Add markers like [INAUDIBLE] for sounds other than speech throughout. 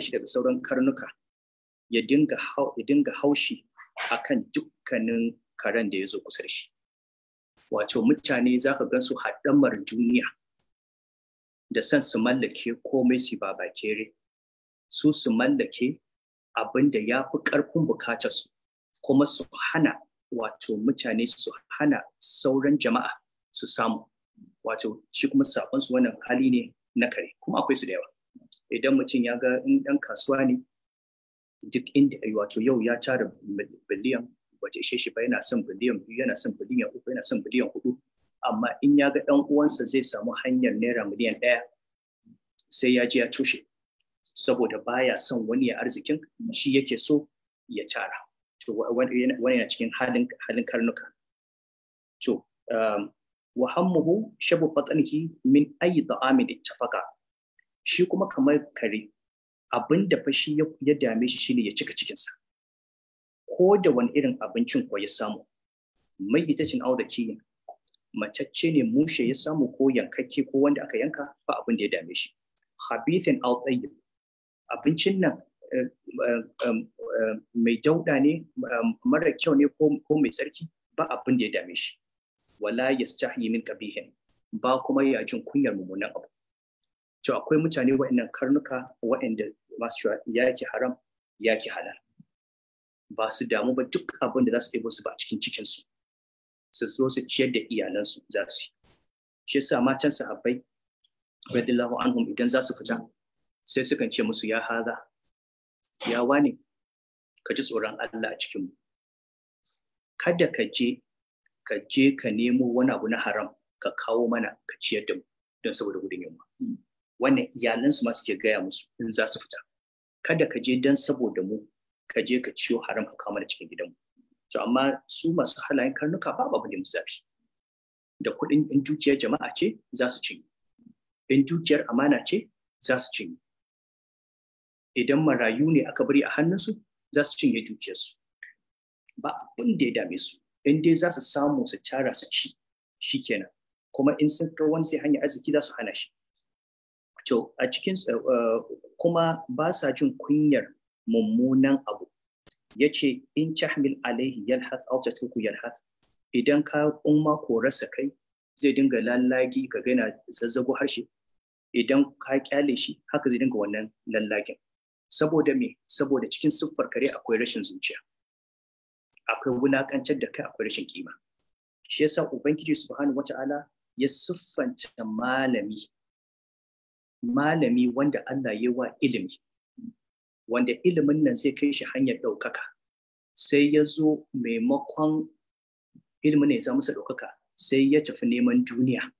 shi daga sauran karnuka ya dinga ya dinga haushi akan dukkanin karen da ya zo kusa da shi wato mutane za ka gan su haɗamar duniya da san su mallake komai su ba bakere su su mallake abin da ya fi ƙarfin bukatarsu kuma su hana wato mutane su hana sauran jama'a su samu wato shi kuma sabon su wannan hali ne na kare kuma akwai su da yawa idan mutum ya ga in ɗan kasuwa ne duk inda wato yau ya tara biliyan wace ishe shi ba yana son biliyan biyu yana son biliyan uku yana son biliyan hudu amma in ya ga ɗan uwansa zai samu hanyar naira miliyan ɗaya sai ya ji ya tushe saboda baya son wani ya arzikin shi yake so ya tara to wani yana cikin halin halin karnuka to um, wa hammuhu shabu fatanihi min ayyi da'amin ittafaqa shi kuma kamar kare abin da fa shi ya dame shi shine ya cika cikinsa ko da wani irin abincin ko ya samu mai yitacin auda kiyin matacce ne mushe ya samu ko yankakke ko wanda aka yanka ba abin da ya dame shi habithin al abincin nan eh, eh, eh, mai dauda ne mara kyau ne ko mai tsarki ba abin da ya dame shi wala yastahi min kabihin ba kuma ya jin kunyar mummunan abu To akwai mutane waɗannan karnuka waɗanda masu cewa yaki haram yaki halal ba su damu ba duk abin da za su ɗebo su ba cikin cikin cikinsu su zo su ciyar da iyalansu za su yi shi yasa matan sahabbai radiyallahu anhum idan za su fita sai sukan ce musu ya haza ya wane ka ji tsoron Allah a cikin cikinmu kada ka je ka je ka nemo wani abu na haram ka kawo mana ka ciyar da mu don saboda gudun yunwa wannan iyalansu ma suke gaya musu in za su fita kada ka je dan saboda mu ka je ka ciyo haram ka kama da cikin gidanmu to amma su masu halayen karnuka ba babu da zafi da kuɗin in dukiyar jama'a ce za su cinye in dukiyar amana ce za su cinye idan marayu ne aka bari a hannunsu za su cinye dukiyarsu ba abin da ya dame su in dai za su samu su tara su ci shi kenan. kuma in sun wani sai hanyar arziki za su hana shi to a cikin eh, eh, kuma ba sa jin kunyar mummunan abu ya ce in tahmil alaihi yalhat aw yal yalhath idan ka kuma ko rasa kai zai dinga lallagi ka gaina zazzago harshe idan ka kyale shi haka zai dinga wannan lallagin saboda me saboda cikin siffar kare akwai rashin zuciya akwai wulakancar da kai akwai rashin kima shi yasa ubangiji subhanahu wata'ala ya siffanta malami malami wanda Allah ya wa ilimi wanda ilimin nan zai kai shi hanyar ɗaukaka sai ya zo maimakon ilimin ne za masa ɗaukaka sai ya tafi neman duniya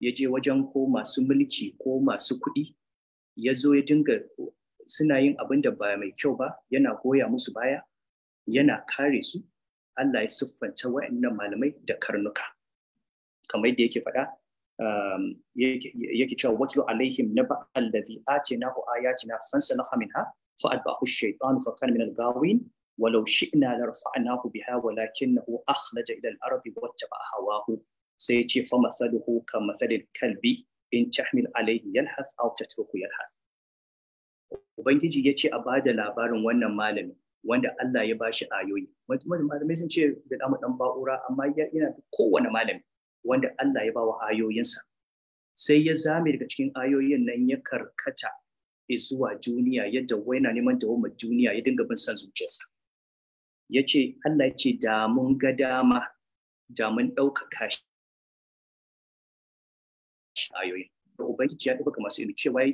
ya je wajen ko masu mulki ko masu kuɗi ya zo ya dinga suna yin abin da ba mai kyau ba yana goya musu baya yana kare su Allah ya siffanta wa'annan malamai da karnuka kamar yadda yake faɗa Um, yake cewa watlu alaihim naba alladhi atinahu ayatina fansalaha minha fa Fa'ad ash-shaytanu fa kana min al-ghawin walau shi'na la rafa'nahu biha ku akhlaja ila al-ardi wattaba'a hawahu sai ce fa masaluhu ka masalil kalbi in tahmil alaihi yalhas aw tatruku yalhas ubangiji yace a bada labarin wannan malami wanda Allah ya bashi ayoyi malamai sun ce da dan ba'ura amma yana kowane malami wanda Allah ya bawa ayoyinsa sai ya zame daga cikin ayoyin nan ya karkata zuwa duniya yadda waina neman dawamar duniya ya dinga bin san zuciyarsa ya ce Allah ya ce da mun ga dama da mun ɗaukaka shi ayoyin da ubangiji ya ɗauka masu ilmi cewa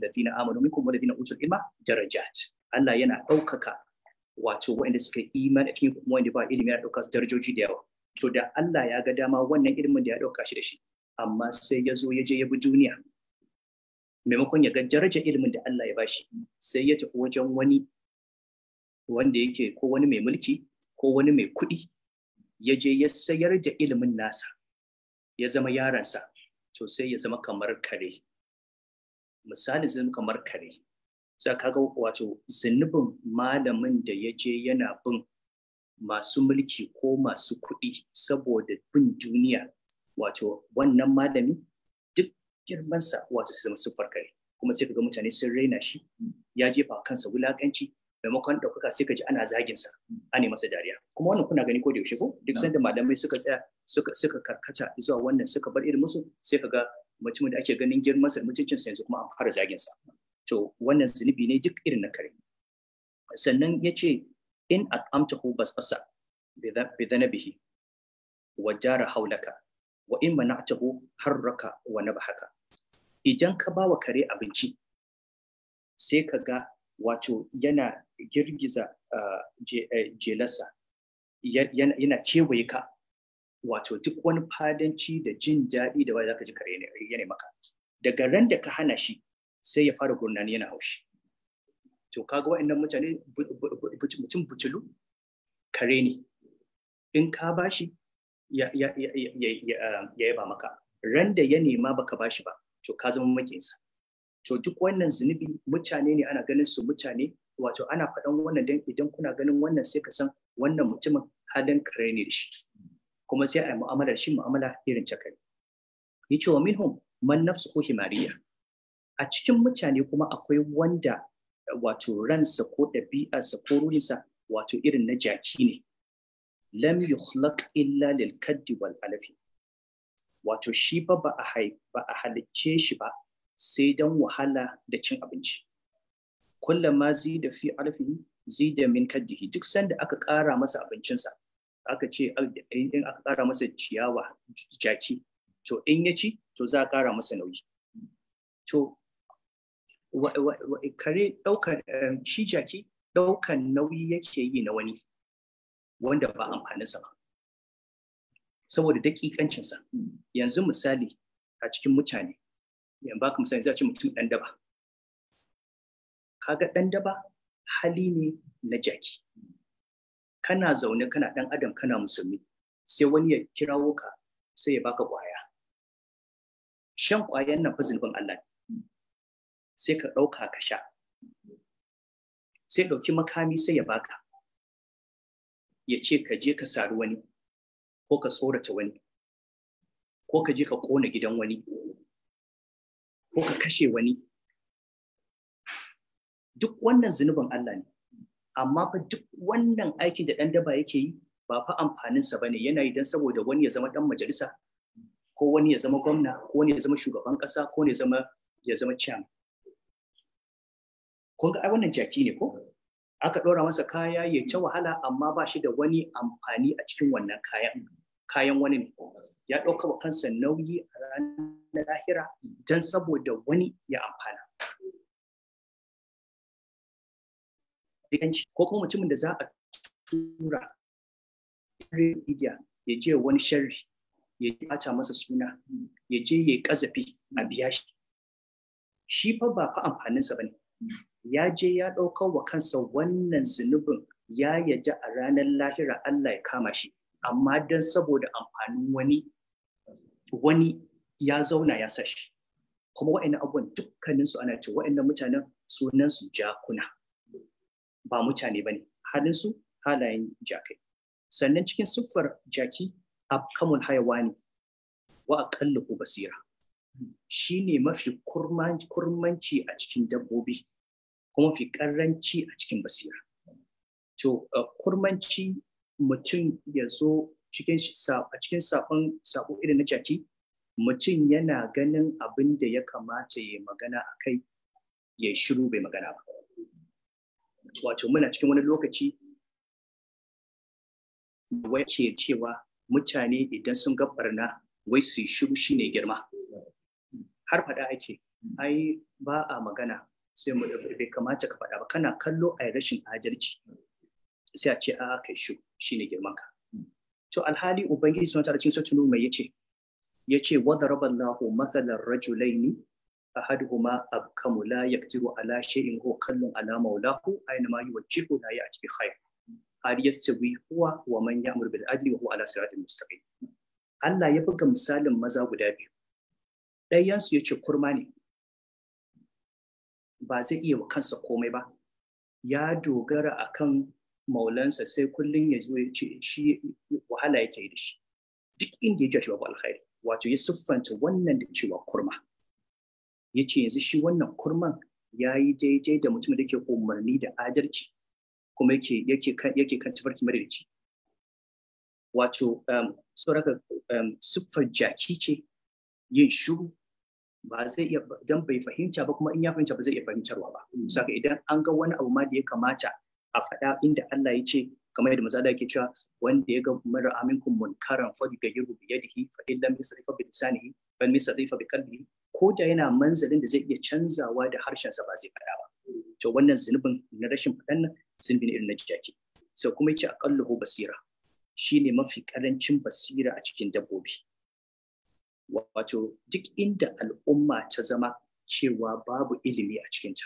da zina amanu da zina utul ilma darajat Allah yana ɗaukaka wato waɗanda suka imani a cikin kuma wanda ba ilimi ya ɗauka su darajoji da yawa to da Allah ya ga dama wannan ilimin da ya ɗauka shi da shi amma sai ya zo ya je ya bi duniya maimakon ya ga daraja ilimin da Allah ya bashi sai ya tafi wajen wani wanda yake ko wani mai mulki ko wani mai kuɗi ya je ya sayar da ilimin nasa ya zama yaransa to sai ya zama kamar kare misali zama kamar kare sai ka wato zunubin malamin da ya je yana bin masu mulki ko masu kuɗi saboda bin duniya wato wannan malami duk girmansa wato su zama siffar kare kuma sai ga mutane sun raina shi ya jefa kansa wulakanci maimakon ɗaukaka sai ka ji ana zagin sa ne masa dariya kuma wannan kuna gani ko da yaushe ko duk sanda malamai suka tsaya suka suka karkata zuwa wannan suka bar irin musu sai ga mutumin da ake ganin girman sa mutuncin sa yanzu kuma an fara zagin sa to wannan zunubi ne duk irin na kare sannan ya ce in at'amtahu basbasa bidhanabihi wa jara haulaka wa in mana'tahu harraka wa nabahaka idan ka ba wa kare abinci sai ka ga wato yana girgiza ah, eh, jelarsa yana kewaye ka wato duk wani fadanci da jin daɗi da wani zaka ji kare yana maka daga ran da ka hana shi sai ya fara gurnani yana haushi to kaga waɗannan mutane mutum butulu kare ne in ka bashi ya ba maka ran da ya nema baka bashi ba to ka zama makinsa to duk wannan zunubi mutane ne ana ganin su mutane wato ana faɗan wannan dan idan kuna ganin wannan sai ka san wannan mutumin halin kare ne da shi kuma sai a yi mu'amala shi mu'amala irin ta kare yace wa minhum man nafsuhu himariya a cikin mutane kuma akwai wanda wato ransa ko ɗabi'arsa ko ruhinsa wato irin na jaki ne lam yukhlaq illa lil kaddi wal alafi wato shi ba ba a ba a halicce shi ba sai dan wahala da cin abinci Kullum zai da fi zai da min kaddihi duk sanda aka ƙara masa abincinsa aka ce in aka ƙara masa ciyawa jaki to in ya ci to za a ƙara masa nauyi to kare ɗaukar um, shi jaki ɗaukar nauyi yake yi na wani wanda ba amfaninsa ba saboda daƙiƙancinsa yanzu misali a cikin mutane yan baka misali za a ce mutum ɗan daba kaga ɗan daba hali ne na jaki kana zaune kana ɗan adam kana musulmi sai wani ya kirawo ka sai ya baka ƙwaya shan ƙwayan nan fa zunubin Allah ne sai ka ɗauka ka sha sai ɗauki makami sai ya baka ya ce ka je ka sari wani ko ka tsorata wani ko ka je ka ƙona gidan wani ko ka kashe wani duk wannan zunubin Allah ne amma fa duk wannan aikin da ɗan daba yake yi ba fa amfaninsa ba ne yana yi don saboda wani ya zama ɗan majalisa ko wani ya zama gwamna ko wani ya zama shugaban ƙasa ko wani ya zama ya zama chairman kun ga wannan jaki ne ko aka ɗora masa kaya ya ta wahala amma ba shi da wani amfani a cikin wannan kayan kayan wani ne ya ɗauka kansa nauyi a ranar lahira don saboda wani ya amfana ko kuma mutumin da za a tura media ya je wani sharri ya bata masa suna ya je ya kazafi a biya shi shi fa ba fa amfaninsa ba ne ya je ya ɗaukar wa kansa wannan zunubin ya yaji a ranar lahira Allah ya kama shi amma don saboda amfanin wani wani ya zauna ya sashi kuma wa'annan abubuwan dukkanin su ana ce wa'annan mutanen sunan su jakuna ba mutane bane halin su halayen jakai sannan cikin siffar jaki a abkamul hayawani wa ko basira shine mafi kurmanci a cikin dabbobi kuma fi karanci a cikin basira to kurmanci mutum ya zo a cikin saƙon sabo irin na jaki mutum yana ganin abin da ya kamata ya magana a kai ya shiru bai magana ba wato muna cikin wani lokaci wai ke cewa mutane idan sun ga barna wai su shiru shi ne girma har faɗa ake ai ba a magana sai mu da bai kamata ka faɗa ba kana kallo a rashin adalci sai a ce a kai shi shine girman ka to alhali ubangiji sun tarcin sa sautin mai yace yace wa daraballahu mathalan rajulaini ahaduhuma abkamu la yaktiru ala shay'in huwa kallun ala maulahu aina ma yuwajjihu la ya'ti bi khair hal yastawi huwa wa man ya'muru bil adli wa huwa ala siratin mustaqim Allah ya buga misalin maza guda biyu ɗayan su yace kurma ne ba zai iya wa kansa komai ba ya dogara a kan maulansa sai kullum ya zo ya ce shi wahala yake da shi duk inda ya shi babu alkhairi wato ya siffanta wannan da cewa kurma ya ce yanzu shi wannan kurman ya yi daidai da mutum da ke umarni da adalci kuma yake kan tafarki madalici wato um, sauraka um, siffar jaki ce yin shuru ba zai iya dan bai fahimta ba kuma in ya fahimta ba zai iya fahimtarwa ba hmm. saka idan an ga wani abu ma da ya kamata a faɗa inda Allah ya ce kamar yadda da ke cewa wanda ya ga mara aminkum munkaran fa bi gayyuru bi yadihi fa illam yasrifa bi lisanihi bal yasrifa bi qalbihi ko da yana manzalin da zai iya canzawa da harshen sa ba zai faɗa ba to wannan zunubin na rashin faɗan nan irin na jaki sai kuma yace aqalluhu basira shine mafi karancin basira a cikin dabbobi wato duk inda al'umma ta zama cewa babu ilimi a cikinta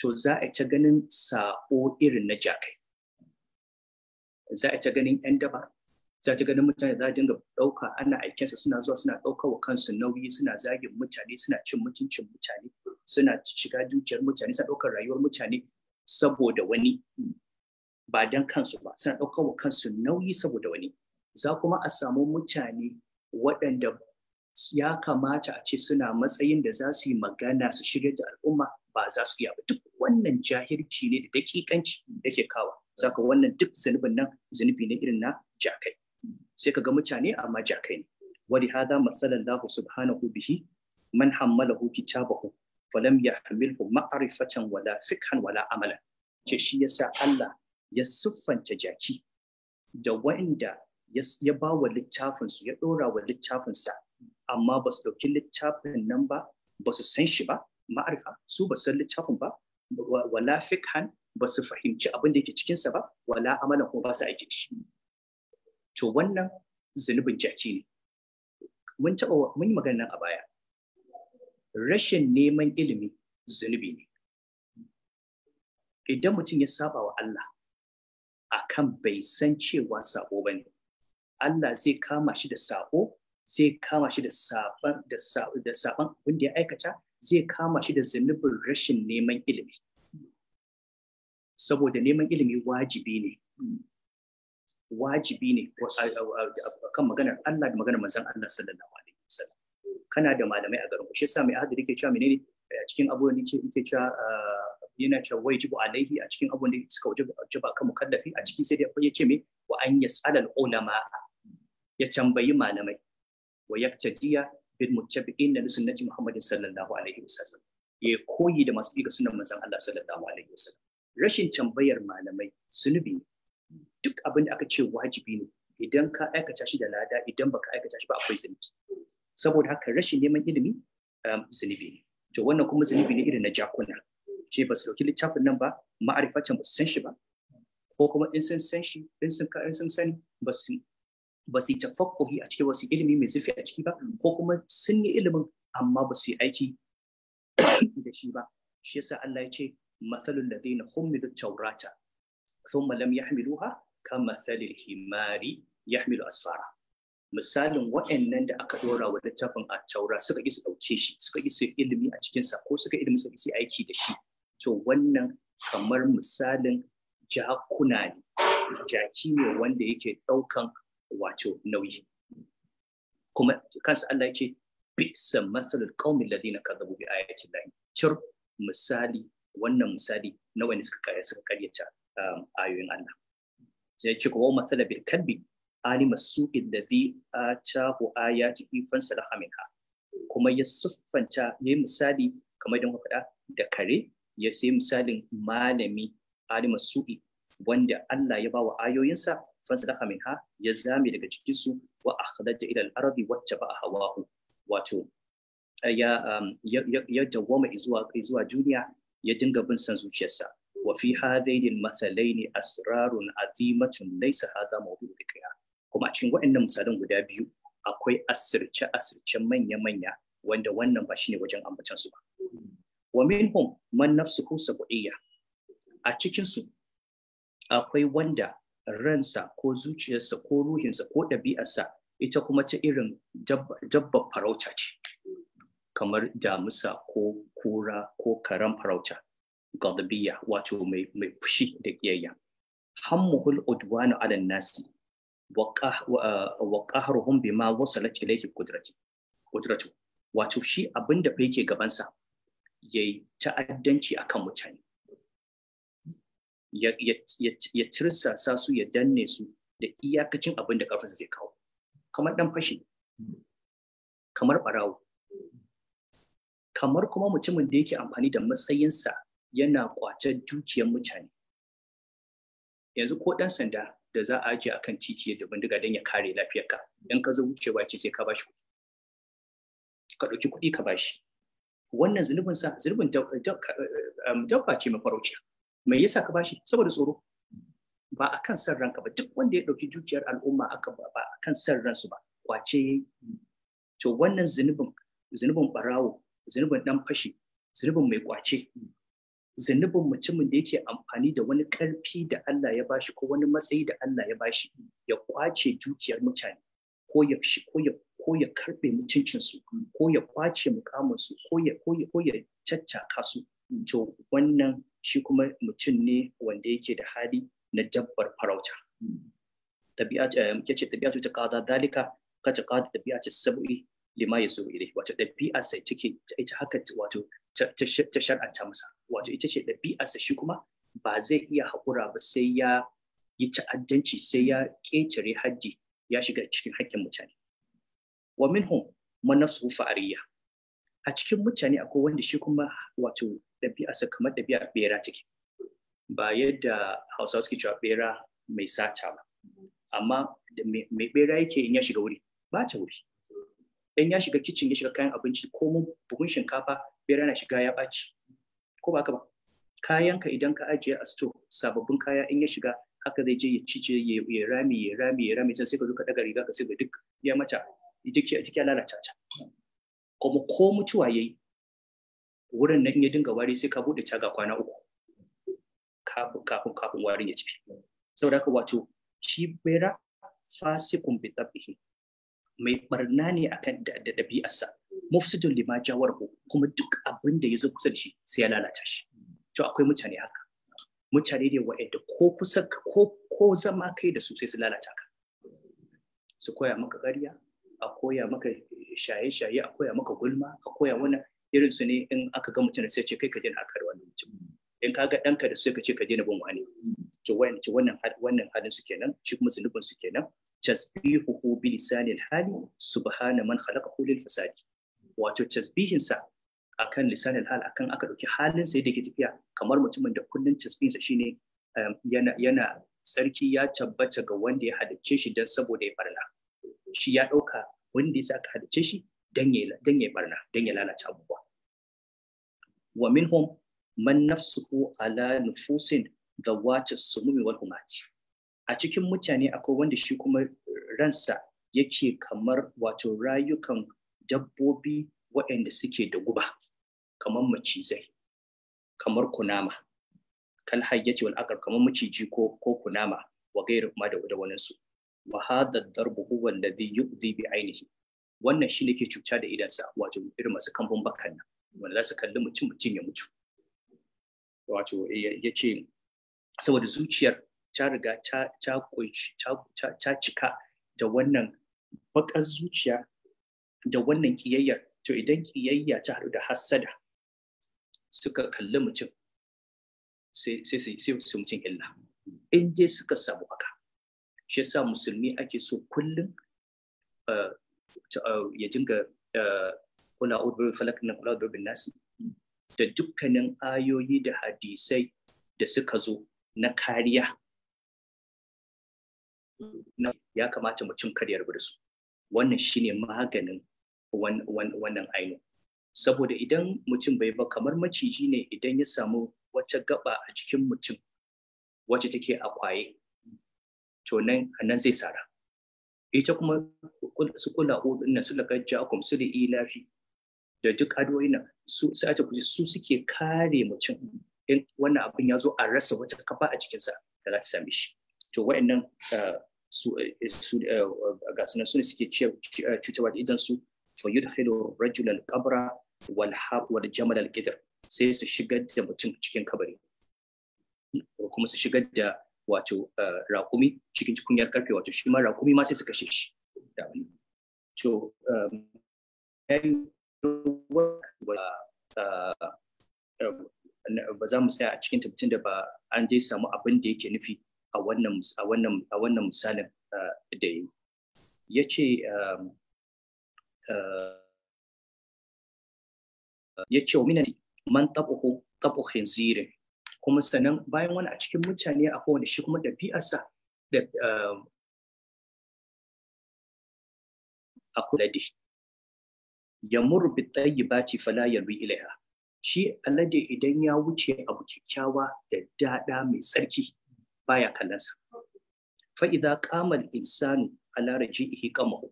to za a ta ganin sa'o irin na jakai za a ta ganin 'yan daba za ta ganin mutane za a dinga ɗauka ana aikinsa suna zuwa suna ɗaukar wa kansu nauyi suna zagin mutane suna cin mutuncin mutane suna shiga dukiyar mutane suna ɗaukar rayuwar mutane saboda wani ba dan kansu ba suna ɗaukar wa kansu nauyi saboda wani za kuma a samu mutane waɗanda ya kamata a ce suna matsayin da za su yi magana su shirya da al'umma ba za su iya ba duk wannan jahirci ne da dakikanci da ke kawa saka wannan duk zunubin nan zunubi ne irin na jakai sai ka ga mutane amma jakai ne Wani hada masalan lahu subhanahu bihi man hammalahu kitabahu falam yahmilhu ma'arifatan wala fikhan wala amalan ce shi yasa Allah ya siffanta jaki da wanda ya ba wa littafinsu ya ɗora wa littafinsa amma ba su ɗauki littafin nan ba ba su san shi ba ma'arifa su ba san littafin ba wala fikhan ba su fahimci abin da yake cikinsa ba wala amalan kuma ba su aiki shi to wannan zunubin jaki ne mun taɓa mun yi magana a baya rashin neman ilimi zunubi ne idan mutum ya saba wa Allah akan bai san cewa sabo ba ne Allah zai kama shi da sabo zai kama shi da saban da da saban wanda ya aikata zai kama shi da zunubin rashin neman ilimi saboda neman ilimi wajibi ne wajibi ne kan maganar Allah da maganar manzon Allah sallallahu alaihi wasallam kana da malamai a garin ku shi yasa mai ahadi yake cewa menene a cikin abu da yake cewa yana cewa wajibu alaihi a cikin abu da suka wajaba kan mukallafi a ciki sai da ya ce me wa an yas'al al ulama ya tambayi malamai wa yaktajiya bil muttabi'in na sunnati Muhammadin sallallahu alaihi wasallam ya koyi da masu bika sunan manzon Allah sallallahu alaihi wasallam rashin tambayar malamai sunubi duk abin da aka ce wajibi ne idan ka aikata shi da lada idan baka aikata shi ba akwai zunubi saboda haka rashin neman ilimi zunubi ne to wannan kuma zunubi ne irin na jakuna shi ba su dauki littafin nan ba ma'arifatan ba su san shi ba ko kuma in sun san shi in sun sani ba su ba su yi tafakkuhi a cikin wasu ilimi mai zurfi a ciki ba ko kuma sun yi ilimin amma ba su yi aiki [COUGHS] da shi ba shi yasa Allah ya ce mathalul ladina humilu tawrata thumma lam yahmiluha mathalil himari yahmilu asfara misalin waɗannan da aka dora wa littafin a taura suka isa ɗauke shi suka isa ilimi a cikinsa ko suka ilimi suka isa aiki da shi to wannan kamar misalin jakuna ne jaki ne wanda yake ɗaukan wato nauyi kuma kansa Allah ya ce bisa matsalar kaumin ladina kadzabu bi ayati llahi cir misali wannan misali na wani suka kare suka karyata um, ayoyin Allah sai ya ce kuma masala bil kalbi alima a ladhi atahu ayatihi fansalaha minha kuma ya siffanta ya misali kamar da faɗa da kare ya sai misalin malami alima suƙi wanda Allah ya bawa ayoyinsa fasalaha ha ya zame daga wa su wa akhlaja ila wacce ba a hawahu wato ya ya dawwama zuwa duniya ya dinga bin san zuciyarsa wa fi hadaini al asrarun azimatun laysa hadha mawdu'u dhikriha kuma a cikin waɗannan misalan guda biyu akwai asirce asirce manya manya wanda wannan ba shine wajen ambatan su ba wa minhum man nafsuhu sab'iyya a cikin su akwai wanda ransa ko zuciyarsa ko ruhinsa ko ɗabi'arsa ita kuma ta irin dabbar farauta ce kamar damusa ko kura ko karan farauta gadabiya wato mai fushi da kiyayya hammuhul udwanu ala nasi wa qahruhum bima wasalat ilayhi qudrati qudratu wato shi abinda fa yake gabansa yayi ta'addanci akan mutane ya tirsasa su ya danne su da iyakacin abin da ƙarfinsa zai kawo kamar ɗan fashi kamar ɓarawo kamar kuma mutumin da yake amfani da matsayinsa yana ƙwace dukiyar mutane yanzu ko ɗan sanda da za a ajiye akan titi da bindiga don ya kare lafiyarka don ka zo wucewa ce sai ka bashi kuɗi ka ɗauki kuɗi ka bashi wannan zunubinsa zunubin eh, eh, eh, dabba ce mafarauciya Mai yasa ka bashi saboda tsoro ba a kan san ranka ba duk wanda ya ɗauki dukiyar al'umma aka ba a kan san ransu ba kwace to wannan zunubin zunubin barawo zunubin dan fashi zunubin mai kwace zunubin mutumin da yake amfani da wani karfi da Allah ya bashi ko wani matsayi da Allah ya bashi ya kwace dukiyar mutane ko ya ko ya ko ya karbe mutuncinsu ko ya kwace mukaminsu ko ya ko ya ko su to wannan shi kuma mutum ne wanda yake da hali na jabbar farauta tabi'a eh, muke ce tabi'a ta ƙada dalika ka ta tabi'a ta saboda lima ya zo ire, wato ɗabi'a sai take ita haka wato ta shar'anta masa wato ita ce ɗabi'a sa shi kuma ba zai iya haƙura ba sai ya yi ta'addanci sai ya ƙetare hajji ya shiga cikin haƙƙin mutane wa min hum manafsu fa'ariya a cikin mutane akwai wanda shi kuma wato ɗabi'arsa kamar ɗabi'a bera take ba yadda hausawa suke cewa bera mai sata ba amma mai bera yake in ya shiga wuri ba ta wuri in ya shiga kicin ya shiga kayan abinci ko mun buhun shinkafa bera na shiga ya ɓaci ko ba ka ba kayanka idan ka ajiye a sto sababbin kaya in ya shiga haka zai je ya cije ya rami ya rami ya rami sai ka zo ka daga riga ka sai duk ya mata jiki a jiki ya lalata ta kuma ko mutuwa yayi wurin nan ya dinga wari sai ka bude taga kwana uku kafin kafin kafin warin ya ci saboda haka wato shi bera fasikun bi tabihi mai barna ne akan da dabi'arsa mufsidun lima jawarhu kuma duk abin da ya zo kusa da shi sai ya lalata shi to akwai mutane haka mutane ne wa'anda ko kusa ko ko zama kai da su sai su lalata ka su koya maka ƙarya a koya maka shaye-shaye a koya maka gulma a koya wannan irin su ne in aka ga mutum da sai ce kai ka daina akar wani mutum in ka ga ɗanka da sai ka ce ka na bin wani to wannan halin su kenan shi kuma zunubin su kenan tasbihuhu bi lisanil hali subhana man khalaqahu lil fasadi wato tasbihin sa akan lisanil hal akan aka dauki halin sa yadda yake tafiya kamar mutumin da kullun tasbihin sa shine um, yana yana sarki ya tabbata ga wanda ya halicce shi dan saboda ya barna shi ya dauka wanda ya saka ka halicce shi dan ya barna dan ya lalace abubuwa wa minhum man nafsuhu ala nufusin dawati sumumi wal humati a cikin mutane akwai wanda shi kuma ransa yake kamar wato rayukan dabbobi waɗanda suke da guba kamar macizai kamar kunama kal hayyaci wal akar kamar maciji ko ko kunama wa gairu kuma da da su wa hadha darbu huwa alladhi bi ainihi wannan shi ne ke cuta da idansa wato irin masu kambun bakan nan wanda za su kalli mutum mutum ya mutu wato eh, ya ce saboda zuciyar ta riga ta cika da wannan baƙar zuciya da wannan ƙiyayyar to idan ƙiyayya ta haɗu da hassada suka kalli mutum sai su mutum illa in dai suka samu haka shi yasa musulmi ake so kullum eh, eh, ya dinga kuna udbul falak na kula bin nasi da dukkanin ayoyi da hadisai da suka zo na kariya ya kamata mutum kar ya da su wannan shine maganin wannan ainihin saboda idan mutum bai ba kamar maciji ne idan ya samu wata gaba a cikin mutum wacce take a kwaye to nan nan zai sara ita kuma su kula na su laka ja'akum su da ilafi da duk adoyi na su sai aka kuje su suke kare mutum in wannan abin ya zo a rasa wata kafa a cikinsa da za ta same shi to wa'annan eh, su eh, su eh, ga suna suna suke cutarwa da idan su fa yudkhilu rajul al-qabra wal haq wal jamal al-qidr sai su shigar da mutum cikin kabari kuma su shigar da wato raƙumi cikin kunyar karfe wato shi ma raƙumi ma sai su kashe shi to Eh, eh, ba za mu tsaya a cikin tabbatin da ba an je samu abin da yake nufi a wannan a misalin eh, da yi ya ce ya ce wa man tabuhu tabu khinzirin kuma sannan bayan wani a cikin mutane a kowane shi kuma ɗabi'arsa da ya murru bi tayyibati fala rui ilaiha shi alade idan ya wuce abu kyakkyawa da dada mai tsarki baya kallonsa fa idza qama al-insanu ala raji'ihi qamahu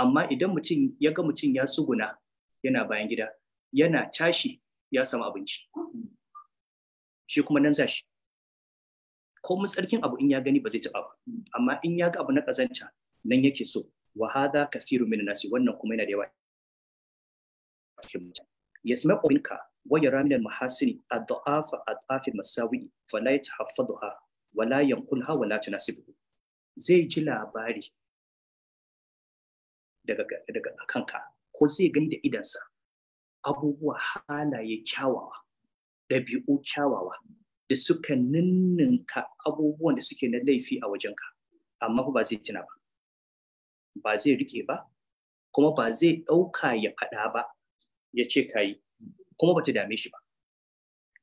amma idan mutum ya ga mutum ya suguna yana bayan gida yana tashi ya samu abinci shi kuma nan zashi ko mun tsarkin abu in ya gani ba zai taɓa ba amma in ya ga abu na kazanta nan yake so wa hadha kathiru min nasi wannan kuma yana da yawa يسمع منك ويرى من المحاسن الضعاف أضعاف المساوي فلا يتحفظها ولا ينقلها ولا تناسبه zai ji labari daga kanka ko zai gani da idansa abubuwa halaye kyawawa ɗabi'u kyawawa da suka ninninka abubuwan da suke na laifi a wajenka amma ba zai tuna ba ba zai rike ba kuma ba zai ɗauka ya faɗa ba ya ce ka yi kuma ba ta dame shi ba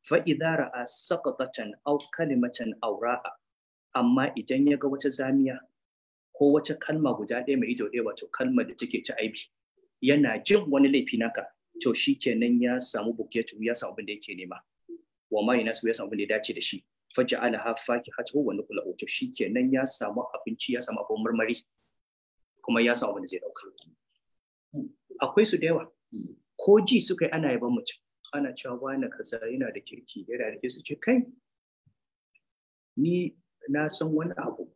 fa'iza ra'a saƙaƙatan au kalimatan aura'a amma idan ya ga wata zamiya ko wata kalma guda ɗaya mai ido ɗaya wato kalma da take ta aibi yana jin wani laifi naka to shi kenan ya samu buketu ya samu abin da yake nema wa ma ya samu abin da ya dace da shi faja ala ha faki hatu wa nukula to shi kenan ya samu abinci ya samu abin marmari kuma ya samu abin da zai ɗauka. akwai su da yawa ko ji suka yi ana yaban mutum ana cewa na kaza yana da kirki yana da kirki ce kai ni na san wani abu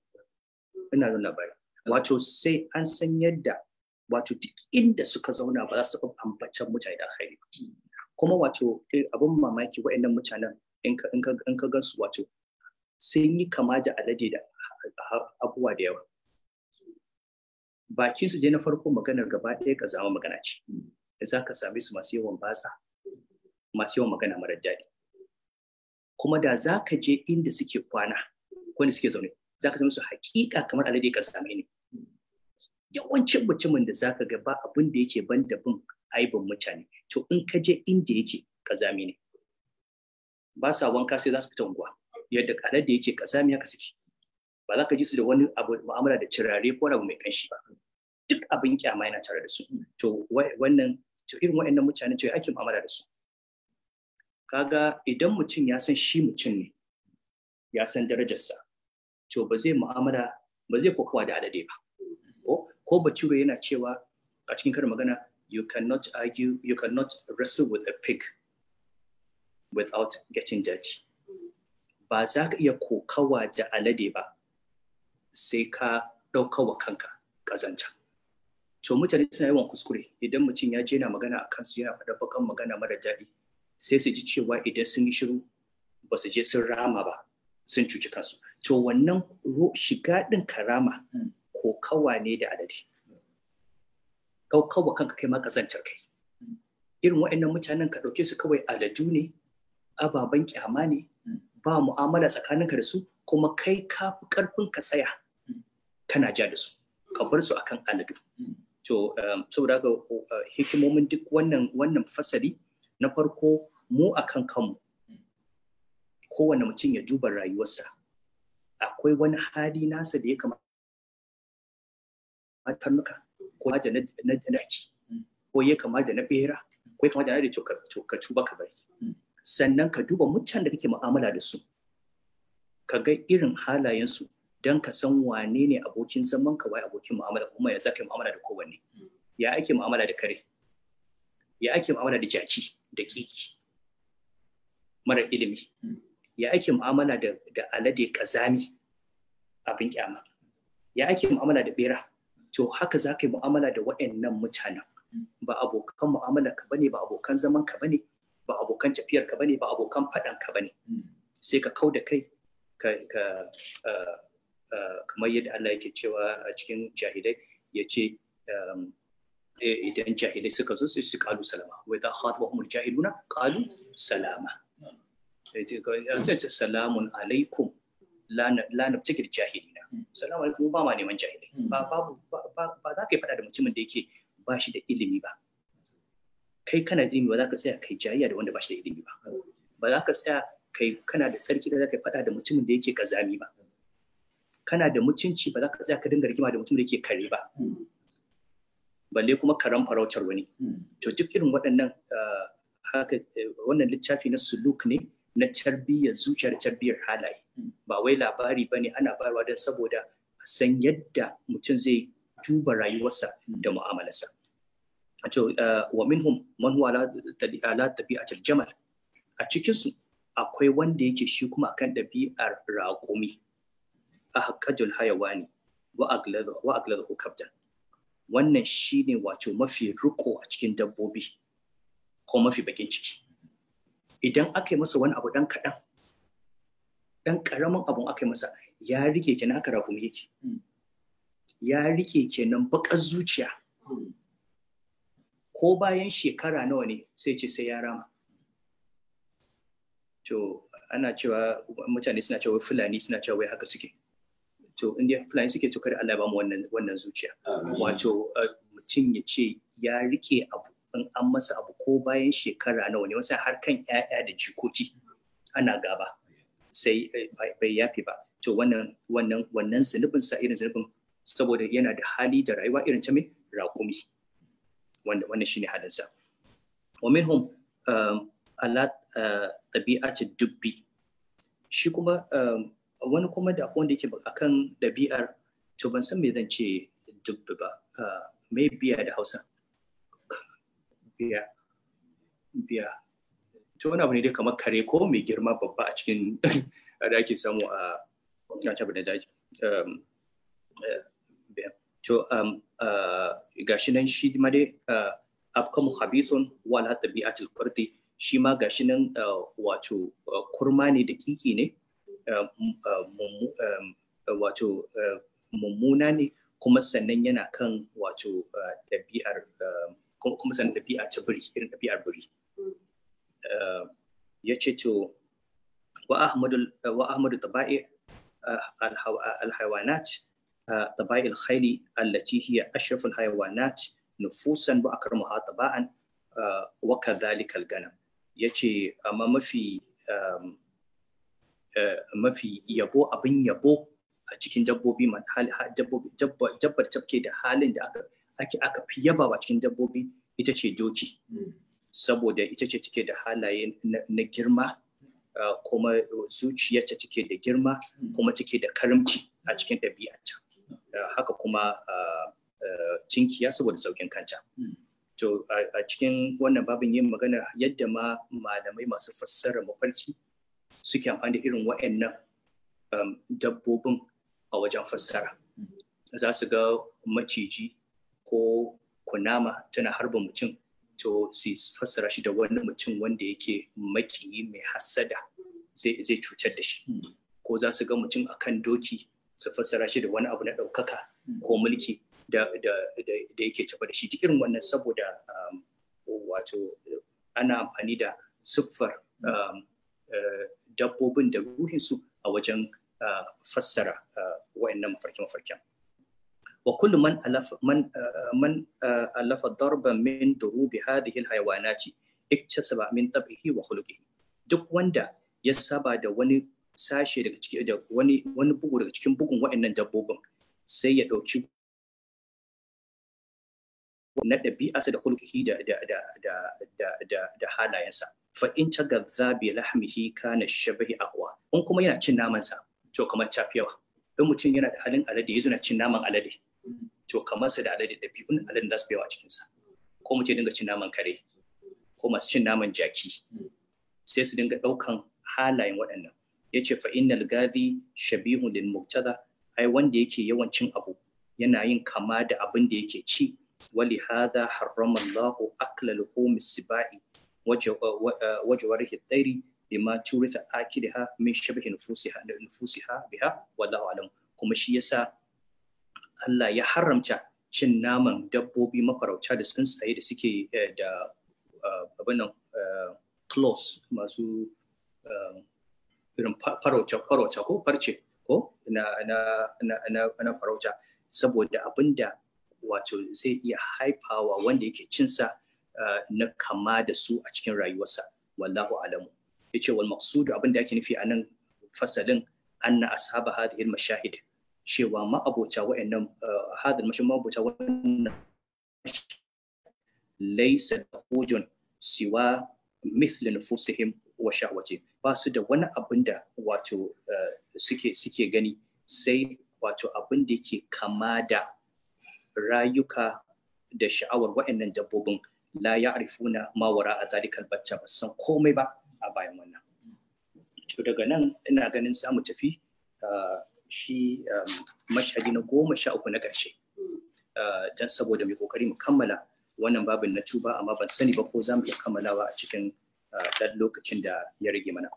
ina nuna bai. wato sai an san yadda wato duk inda suka zauna ba za su ambacin mutane da alkhairi kuma wato eh, abin mamaki wa'annan mutanen in ka gansu wato sun yi kama da alade da abubuwa da yawa bakin su je na farko maganar gaba ɗaya ka zama magana ce da za ka same su masu yawan batsa masu yawan magana mara daɗi kuma da za ka je inda suke kwana ko inda suke zaune za ka same su haƙiƙa kamar alade ka same ni yawancin mutumin da za ka ga ba abin da yake ban da bin aibin mutane to in ka je inda yake zame ne ba sa wanka sai za su fita unguwa yadda kalar da yake zame ka suke ba za ka ji su da wani abu mu'amala da cirare ko abu mai kanshi ba duk abin kyama yana tare da su to wannan to irin waɗannan mutane to ake mu'amala da su kaga idan mutum ya san shi mutum ne ya san darajarsa to ba zai mu'amala ba zai kokawa da adade ba ko bature yana cewa a cikin karin magana you cannot argue you cannot wrestle with a pig without getting dirty ba za ka iya kokawa da alade ba sai ka wa kanka ƙazanta to mutane suna yawan kuskure idan mutum ya je na magana a kansu yana faɗa bakan magana mara daɗi sai su ji cewa idan sun yi shiru ba su je sun rama ba sun cuci kansu to wannan shiga ɗin karama ko kawa ne da adadi ɗaukawa kanka kai ma ƙazantar kai irin wa'annan mutanen ka ɗauke su kawai aladu ne ababen kyama ne ba mu'amala tsakanin ka da su kuma kai ka fi ƙarfin ka tsaya kana ja da su ka bar su akan aladu to um, saboda haka uh, hikimomin duk wannan wannan fasali na farko mu akan kanmu kowane mutum ya duba rayuwarsa akwai wani hali nasa da ya kamata karnuka ko da na daki ko ya kama da na bera ko ya kama da na da cuba ka bari sannan ka duba mutanen da kake mu'amala da su ka ga irin halayensu don ka san wane ne abokin zaman ka wai abokin mu'amala kuma ya zaka mu'amala da kowanne mm. ya ake mu'amala da kare ya ake mu'amala da jaki da kiki mara ilimi mm. ya ake mu'amala da da alade kazami abin kyama ya ake mu'amala da bera to haka za ka yi mu'amala da waɗannan mutanen mm. ba abokan mu'amala ka bane ba abokan zaman ka bane ba abokan tafiyar ka bane ba abokan faɗan ka bane sai ka kau da kai ka eh, Eh, kamar yadda Allah yake cewa a cikin jahilai ya ce ehm, eh, idan jahilai suka zo sai su kalu salama wai ta khatu wa jahiluna kalu salama eh, salamun alaikum la nabtakir jahilina Salamun alaikum ba ma neman jahilai ba za ka yi faɗa da mutumin da yake ba shi da ilimi ba kai kana da ilimi ba za ka tsaya kai jayayya da wanda ba shi da ilimi ba ba za ka tsaya kai kana da sarki da za ka faɗa da mutumin da yake kazami ba kana da mutunci ba za ka tsaya ka dinga rigima da mutum da yake kare ba hmm. balle kuma karan farautar wani hmm. to duk irin waɗannan ah, haka eh, wannan littafi na suluk ne na tarbiyyar zuciyar tarbiyyar halaye hmm. ba wai labari ba ne ana bayarwa don saboda a san yadda mutum zai duba rayuwarsa da mu'amalarsa to ah, wa minhum man huwa ala tabi'atil jamal a cikinsu akwai wanda yake shi kuma akan ɗabi'ar raƙumi ahqajul hayawani wa agladhu wa agladhu kabdan wannan shine wato mafi riko a cikin dabbobi ko mafi bakin ciki idan aka yi masa wani abu dan kaɗan dan karamin abun aka yi masa ya rike kenan aka yake ya rike kenan bakar zuciya ko bayan shekara nawa ne sai ce sai ya rama to ana cewa mutane suna cewa fulani suna cewa wai haka suke to inda fulani suke to kada Allah ba mu wannan zuciya wato eh, mutum ya ce ya rike abu in an masa abu ko bayan shekara nawa ne wasu har kan 'ya'ya da jikoki ana gaba sai eh, bai yafi ba to wannan wannan zunubin sa irin zunubin saboda yana da hali da rayuwa irin ta mai raƙumi wanda wannan shine halin sa wa minhum eh, ala tabi'ati dubbi shi kuma wani kuma da wanda yake akan ɗabi'ar to ban san me zan ce dubbi ba ah, me biya da hausa biya biya to wani abu ne dai kamar kare ko mai girma babba a cikin [LAUGHS] da ake samu a yanci da daji um, eh, biya to um, ah, shi nan shi ma dai abkamu ah, khabithun wala tabi'atul kurdi shi ma shi nan wato kurma ne da kiki ne Um, mm, um, um, uh, wato uh, mummuna ne kuma sannan yana kan wato uh, ɗabi'ar kuma sannan ɗabi'a ta biri irin ɗabi'ar biri ya ce to wa ahmadu taba'i alhayawanat taba'i alkhaili allati hiya ashraful haiwanat nufusan ba akar muhataba'an wa kadhalika alganam yace amma mafi Eh, mafi yabo abin yabo a cikin dabbobi dabbar tafke da halin da aka aka fi yaba a cikin dabbobi ita ce doki hmm. saboda ita ce take da halaye na girma kuma zuciyarta take da girma hmm. kuma take da karamci a cikin ɗabi'arta haka kuma cinkiya saboda saukin kanta hmm. to a cikin wannan babin yin magana yadda ma malamai masu fassara mafarki suke amfani da irin wa'annan um, dabbobin a wajen fassara za su ga maciji ko kunama tana harba mutum to su fassara shi da wani mutum wanda yake makiyi mai hassada zai cutar da shi ko za su ga mutum akan doki su fassara shi da wani abu na ɗaukaka ko mulki da yake tafa da shi duk irin wannan saboda um, wato ana amfani da siffar um, uh, dabbobin da ruhinsu a wajen ah, fassara ah, wa'annan mafarke-mafarken. wa kullu man alafa man ah, man alafa darban min durubi hadhihi alhayawanati iktasaba min tabihi wa khuluqihi duk wanda ya saba da wani sashe daga cikin da wani wani bugu daga cikin bugun wa'annan dabbobin sai ya dauki na ɗabi'arsa da hulkihi da da da da da halayensa fa in gaza bi lahmihi kana shabahi aqwa in kuma yana cin naman sa to kamar tafiyawa in mutum yana da halin alade yana cin naman alade to kamar sa da alade da biyun alade za su cikin sa ko mutum dinga cin naman kare ko masu cin naman jaki sai su dinga daukan halayen waɗannan yace fa innal gadi shabihu lil muqtada ai wanda yake yawan cin abu yana yin kama da abin da yake ci wali hadha harrama Allahu akla sibai وجوارح الطير بما تورث آكلها من شبه نفوسها ha biha wallahu alam kuma shi yasa Allah ya haramta cin naman dabbobi mafarauta da tsaye da suke eh, da uh, abinan uh, claws masu um, irin farauta ko farce ko na farauta saboda abinda wato zai iya haifawa wanda yake cinsa Eh, na kama da su a cikin rayuwarsa wallahu alamu yace wal maqsudu abin da ake nufi a nan fasalin anna ashaba hadhihi al mashahid cewa ma'abota wa'annan eh, hadal mashin ma'abota wannan laysa hujun siwa mithl nufusihim wa shahwati ba su da wani abin da wato eh, suke suke gani sai wato abin da yake kama da rayuka da sha'awar nan dabbobin la ya'rifuna ma wara a zalikal bacca ba san komai ba a bayan wannan to daga nan ina ganin samu tafi ah, shi ah, mashadi na goma sha uku na ƙarshe ah, don saboda mai kokari mu kammala wannan babin na tuba amma ban sani ba ko za mu iya kammalawa a cikin ɗan lokacin da ya rage mana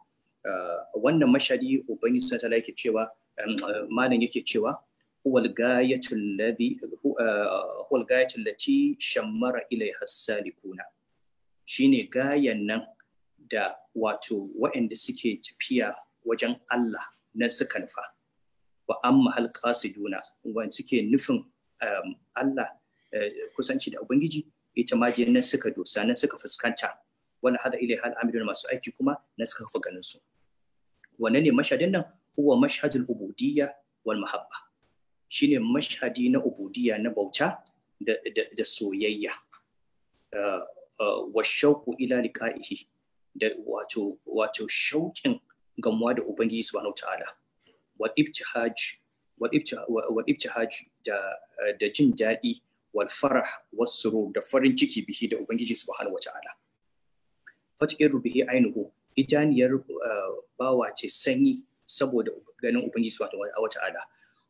wannan mashadi ubangiji sun yake cewa malam yake cewa هو الغاية الذي هو, هو الغاية التي شمر shine gayan nan da wato waɗanda suke tafiya wajen Allah nan suka nufa wa an mahal juna wanda suke nufin Allah kusanci da Ubangiji ita ma je nan suka dosa nan suka fuskanta wani hada ilai hal amidun masu aiki kuma nan suka kafa ganinsu. su ne mashadin nan huwa mashhadul ubudiyya wal mahabba shine mashhadi na ubudiyya na bauta da soyayya uh, uh, wa shauku ila liqa'ihi da wato wato shauƙin gamuwa da ubangiji subhanahu ta'ala wal ibtihaj wal ibtihaj da da jin daɗi wal farah was da farin ciki bihi da ubangiji subhanahu ta'ala fatiqiru bihi ainuhu idaniyar uh, bawa ce sanyi saboda ganin ubangiji subhanahu ta'ala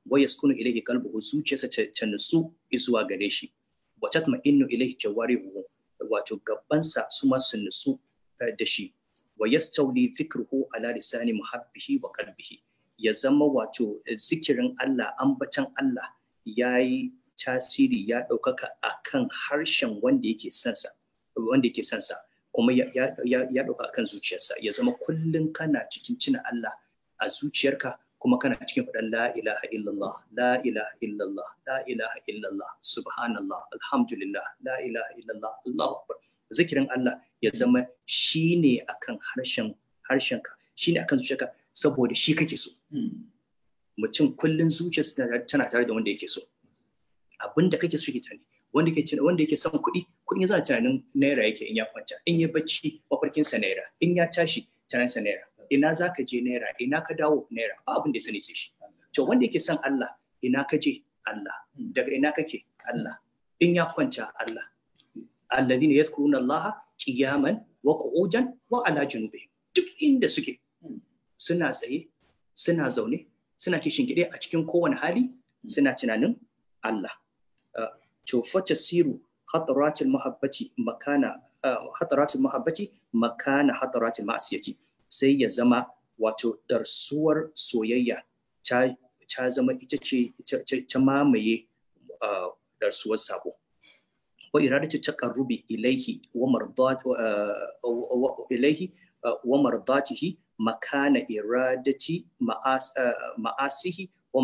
wa yaskunu ilayhi qalbuhu zuciyarsa ta nutsu zuwa gare shi wa tatma'innu ilayhi jawarihu wato gabansa su ma su nutsu eh, da shi wa yastawli dhikruhu ala lisani muhabbihi wa qalbihi ya zama wato zikirin Allah ambatan Allah yayi tasiri ya ɗaukaka akan harshen wanda yake sonsa wanda yake sa kuma ya ɗauka akan zuciyarsa ya zama kullum kana cikin cina Allah a zuciyarka kuma kana cikin faɗan la ilaha illallah la ilaha illallah la ilaha illallah subhanallah alhamdulillah la ilaha illallah Allahu akbar zikirin Allah ya zama shine akan harshen harshenka shine akan zuciyarka saboda shi kake so mutum kullun zuciyarsa tana tare da wanda yake so abinda kake so ke ne. wanda yake wanda yake son kuɗi kuɗin ya zana tunanin naira yake in ya kwanta in ya bacci mafarkinsa naira in ya tashi tunaninsa naira ina za ka je naira ina ka dawo naira ba abin da ya sani sai shi to wanda yake son Allah ina ka je Allah daga ina kake Allah in ya kwanta Allah alladhina yadhkuruna Allah qiyaman wa qu'udan wa ala junubi duk inda suke suna tsaye suna zaune suna kishin gide a cikin kowane hali suna tunanin Allah uh, to tasiru hataratul mahabbati makana uh, hataratul mahabbati makana hataratul ma'asiyati sai ya zama wato ɗarsuwar soyayya ta zama ita ce ta mamaye ɗarsuwar sabo wa irada taqarrubi ilaihi wa mardati ilaihi wa mardatihi makana iradati ma'asihi wa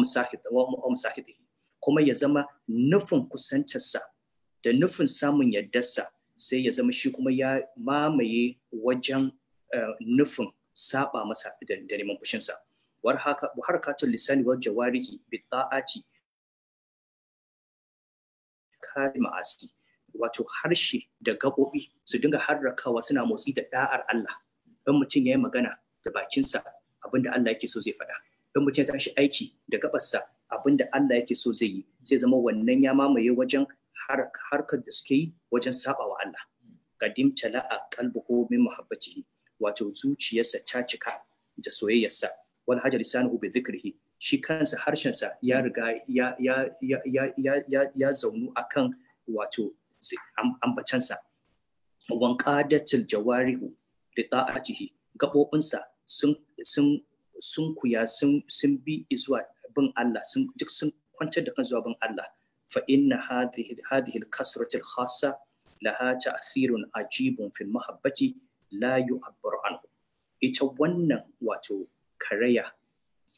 musahitihi kuma ya zama nufin kusantarsa da nufin samun yaddarsa sai ya zama shi kuma ya mamaye wajen nufin saba masa da neman fushinsa war haka harkatul lisani wa jawarihi bi ta'ati kari ma'asi wato harshe da gaɓoɓi su dinga harrakawa suna motsi da ɗa'ar Allah dan mutum ya yi magana da bakinsa abinda Allah yake so zai faɗa dan mutum ya tashi aiki da abin abinda Allah yake so zai yi zai zama wannan ya mamaye wajen harkar da suke yi wajen saɓawa Allah kadim tala'a kalbuhu min muhabbatihi wato zuciyarsa ta cika da soyayyarsa wal hajar lisanuhu bi zikrihi shi kansa harshensa ya riga ya ya ya ya ya zaunu akan wato ambacansa wankadatil jawarihu da ta'atihi gaɓoɓinsa sun sun sun kuya sun sun bi zuwa bin Allah sun duk sun kwantar da kan zuwa bin Allah fa inna hadhihi hadhihi al-kasratu al-khassa laha ta'thirun ajibun fil mahabbati Layu yu'abbaru anhu ita wannan wato karaya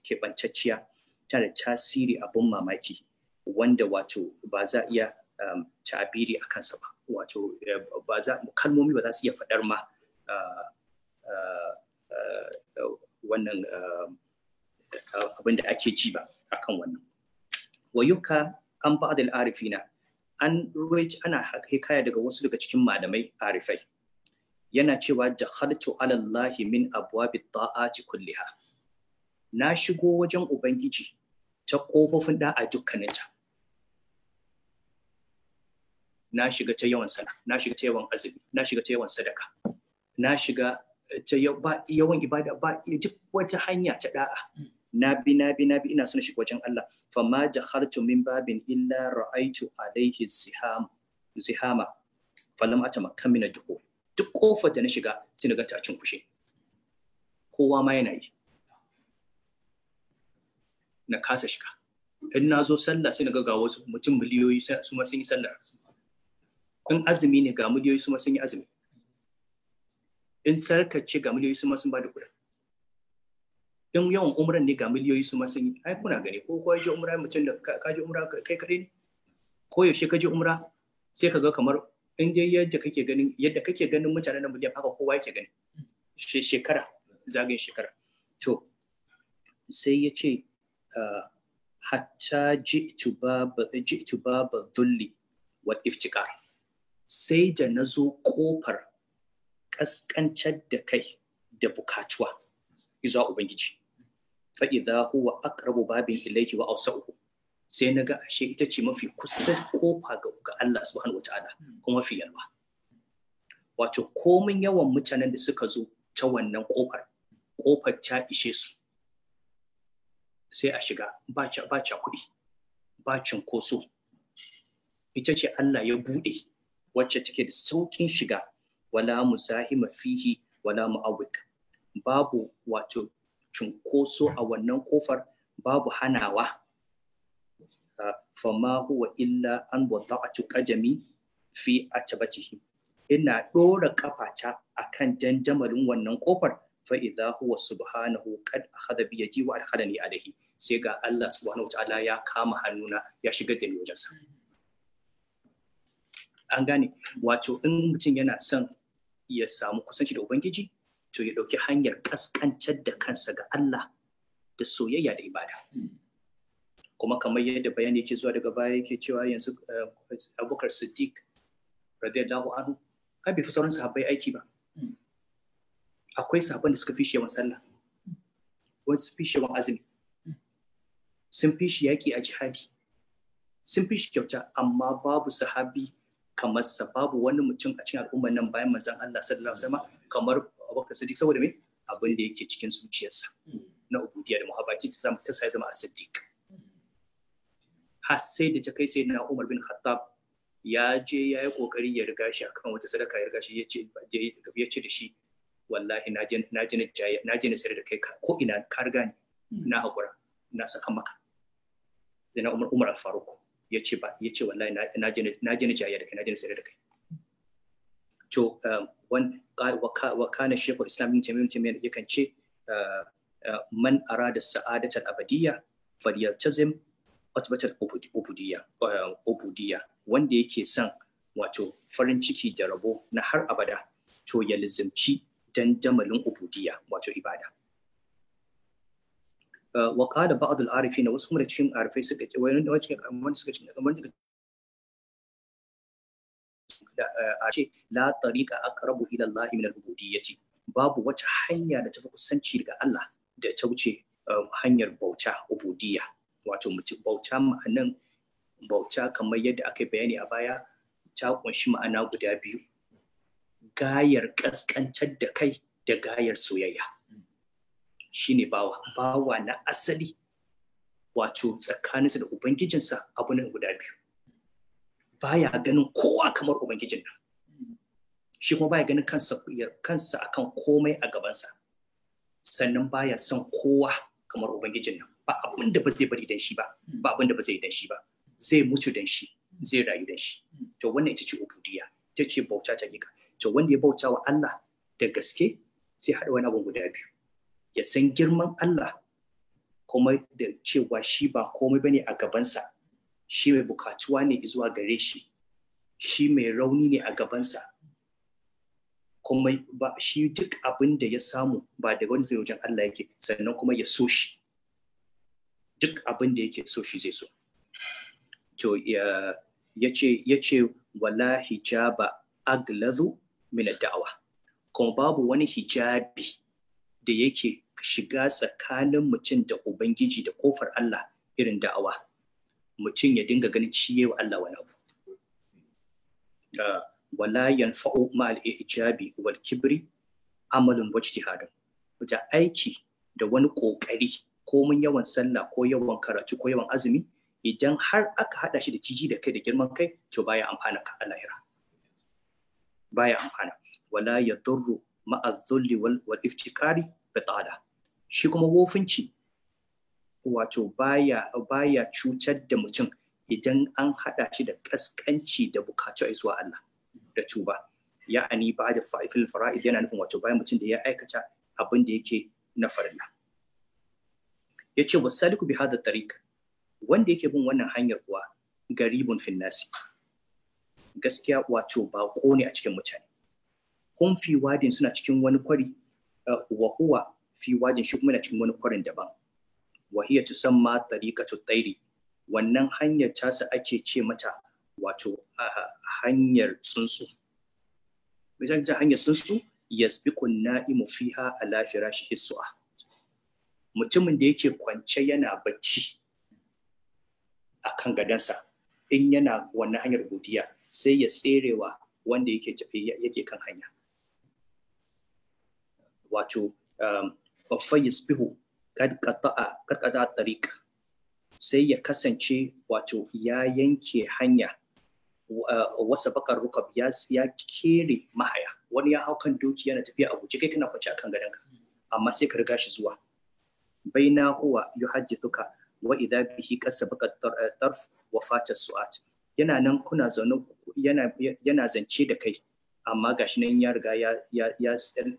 keɓantacciya tana da tasiri abun mamaki wanda wato ba za iya um, tabiri a kansa ba wato eh, kalmomi ba za su iya faɗar ma ah, ah, ah, wannan um, abin da ake ji ba akan wannan wayuka an ba da arifina an ruwa ana daga wasu daga cikin malamai arifai yana cewa dakhaltu ala Allah min abwabi ta'ati kulliha na shigo wajen ubangiji ta kofofin da'a dukkaninta na shiga ta yawan sana na shiga ta yawan azumi na shiga ta yawan sadaka na shiga eh, ta yawan ibada ba duk wata hanya ta da'a na bi na bi na bi ina son shiga wajen Allah fa ma jahartu min babin illa ra'aitu alaihi zihama falam atamakka min ad-dukhul duk kofar da na shiga sai na ganta a kushe, kowa ma yana yi na kasa shiga in na zo sallah sai na ga wasu mutum miliyoyi su ma sun yi sallah in azumi ne ga miliyoyi su ma sun yi azumi in sarkace ga miliyoyi su ma sun ba da kuɗi in yawan umran ne ga miliyoyi su ma sun yi ai kuna gani ko kai je umra mutum da ka je umra kai kaɗai ne ko yaushe ka je umra sai ka ga kamar in dai yadda kake ganin yadda kake ganin mutanen nan miliyan haka kowa yake gani shekara zagin shekara to sai ya ce ah, hatta ji baba baba dhulli wal iftikar sai da nazo kofar kaskancar da kai da bukatuwa izuwa ubangiji fa idza huwa aqrabu babin ilayhi wa awsa'uhu sai na ga ashe ita ce mafi kusa kofa ga Allah subhanahu wa ta'ala kuma mafi yalwa wato komin yawan mutanen da suka zo ta wannan kofar kofar ta ishe su sai a shiga ba ca kuɗi ba cinkoso ita ce Allah ya buɗe wacce take da sauƙin shiga wala zahima fihi wala mu'awwik babu wato cinkoso a wannan kofar babu hanawa fama huwa illa an wata a cuka jami fi a ciki ina ɗora ƙafata a kan janjamalin wannan kofar fa idza huwa subhanahu qad jiwa bi ne wa da alayhi sai ga Allah subhanahu wa ta'ala ya kama hannuna ya shiga da wajensa an gane wato in mutum yana son ya samu kusanci da ubangiji to ya ɗauki hanyar kaskancar da kansa ga Allah da soyayya da ibada kuma kamar yadda bayani yake zuwa daga baya yake cewa yanzu eh, abubakar siddiq radiyallahu anhu ka bai fi sauran sahabbai aiki ba akwai sahabban da suka fi shewan sallah wasu fi shewan azumi sun fi shi yaƙi a jihadi sun fi shi kyauta amma babu sahabi kamar sa babu wani mutum a cikin al'ummar nan bayan manzon Allah sallallahu alaihi wasallam kamar Abubakar Siddiq saboda me abin da yake cikin zuciyarsa hmm. na ubudiyya da muhabbati ta zama ta sai zama as-siddiq har sai da ta kai sai na Umar bin Khattab ya je ya yi kokari ya riga shi akan wata sadaka ya riga shi ya ce ya ce da shi wallahi na je na je na je na sayar da kai ko ina ka riga ni hmm. na hakura na saka maka sai na Umar Umar al-Faruq ya ce ba ya ce wallahi na je na je na jayya da kai na je na sai da kai to um, wan wa kana shaykhul islam ibn taymiyyah taymiyyah yakan ce uh, uh, man arada sa'adatal abadiyya falyaltazim otbatal ubudiyya um, wanda yake son wato farin ciki da rabo na har abada to ya lizimci dandamalin ubudiya wato ibada uh, wa qala ba'd al-arifin wasu kuma da cikin arifai suka ce wani da wacce kamar suka ce kamar da uh, a ce la tariqa aqrabu ila Allah min al-ubudiyyati babu wata hanya da ta fi kusanci daga Allah da ta wuce um, hanyar bauta ubudiyya wato bauta ma'anan bauta kamar yadda aka bayani a baya ta kunshi ma'ana guda biyu gayar ƙasƙantar da kai da gayar soyayya shine bawa bawa na asali wato tsakaninsa da ubangijinsa abu ne guda biyu baya ganin kowa kamar ubangijin nan shi kuma baya ganin kansa kansa akan komai a gabansa sannan baya son kowa kamar ubangijin nan ba abin da ba zai bari dan shi ba ba abin da ba zai dan shi ba zai mutu dan shi zai rayu dan shi to wannan ita ce ubudiyya ita ce bauta ta gika to wanda ya bauta wa Allah da gaske sai haɗa wani abun guda biyu ya san girman Allah kuma da cewa shi ba komai bane a gabansa shi mai bukatuwa ne zuwa gare shi shi mai rauni ne a gabansa kuma ba shi duk abin da ya samu ba daga wani zai wajen Allah yake sannan kuma ya so shi duk abin da yake so shi zai so to ya ce wala hijaba aglazu min da'awa kuma babu wani hijabi da yake shiga tsakanin mutum da ubangiji da kofar Allah irin da'awa mutum ya dinga ganin ciye wa Allah wani abu wala yanfa'u ma ijabi wal kibri amalun wajtihadun wata aiki da wani kokari komin yawan sallah ko yawan karatu ko yawan azumi idan har aka hada shi da ciji da kai da girman kai to baya amfana ka a lahira baya amfana wala durru ma'a dhulli wal, wal iftikari bi shi kuma wofinci wato baya baya cutar da mutum idan an hada shi da kaskanci da bukatu zuwa Allah da tuba ya'ani ba da fa'il fara'id yana nufin wato bayan mutum da ya aikata abin da yake na farilla ya ce wasaliku bi hada tariq wanda yake bin wannan hanyar kuwa garibun finnasi gaskiya wato bako ne a cikin mutane Kun fi wadin suna cikin wani kwari eh, wa huwa fi wadin shi kuma na cikin wani kwarin daban wa hiya tusamma tariqatu tayri wannan hanyar tasa ake ce mata wato ah, hanyar tsuntsu ta hanyar tsuntsu yasbiqu na'imu fiha ala firashi hissu'a mutumin da yake kwance yana bacci a kan gadansa in yana wannan hanyar godiya sai ya tserewa wanda yake yake kan hanya wato um, fayyis bihu karkata tariq sai ya kasance wato ya yanke hanya wasa bakar rukab ya kere mahaya wani ya hau kan doki yana tafiya a guje kai kana kwace akan gadonka amma sai ka riga shi zuwa baina huwa yuhaddithuka wa idha bihi kasabaka eh, tarf wa fata su'at yana nan kuna zaune yana yana zance da kai amma gashi nan ya riga ya ya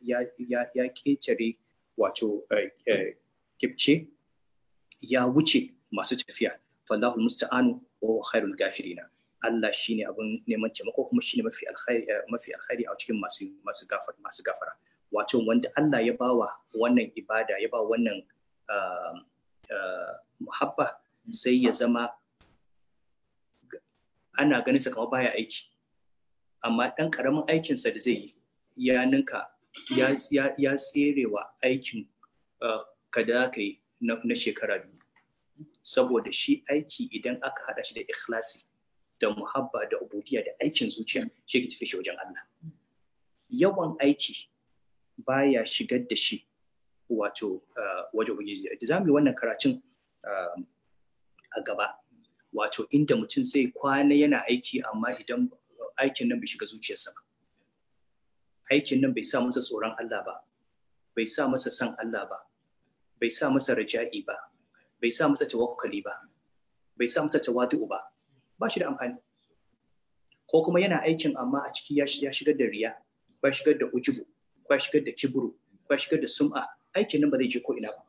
ya ya ya kecere wato eh, eh, kipce ya wuce masu tafiya fallahu musta'anu wa khairul gafirina Allah shine abin neman taimako kuma shine mafi alkhairi mafi alkhairi a cikin masu masu gafara masu gafara wato wanda Allah ya bawa wannan ibada ya ba wannan Um, uh, muhabba sai ya zama ana ganin sa kamar baya aiki amma ɗan ƙaramin aikinsa da zai yi ya ninka ya tserewa aikin uh, ka da ka na shekara biyu saboda shi aiki idan aka haɗa shi da ikhlasi da muhabba da ubudiya da aikin zuciya shi ke tafi shi wajen Allah yawan aiki baya shigar da shi wato eh, wajen ubangiji da za mu yi wannan karacin eh, a gaba wato inda mutum zai kwana yana aiki amma idan aikin nan bai shiga zuciyarsa ba aikin nan bai sa masa tsoron Allah ba bai sa masa san Allah ba bai sa masa raja'i ba bai sa masa tawakkali ba bai sa masa tawadu ba ba shi da amfani ko kuma yana aikin amma a ciki ya shigar da riya ba shigar da ujubu ba shigar da kiburu ba shigar da sum'a aikin nan ba zai je ko ina ba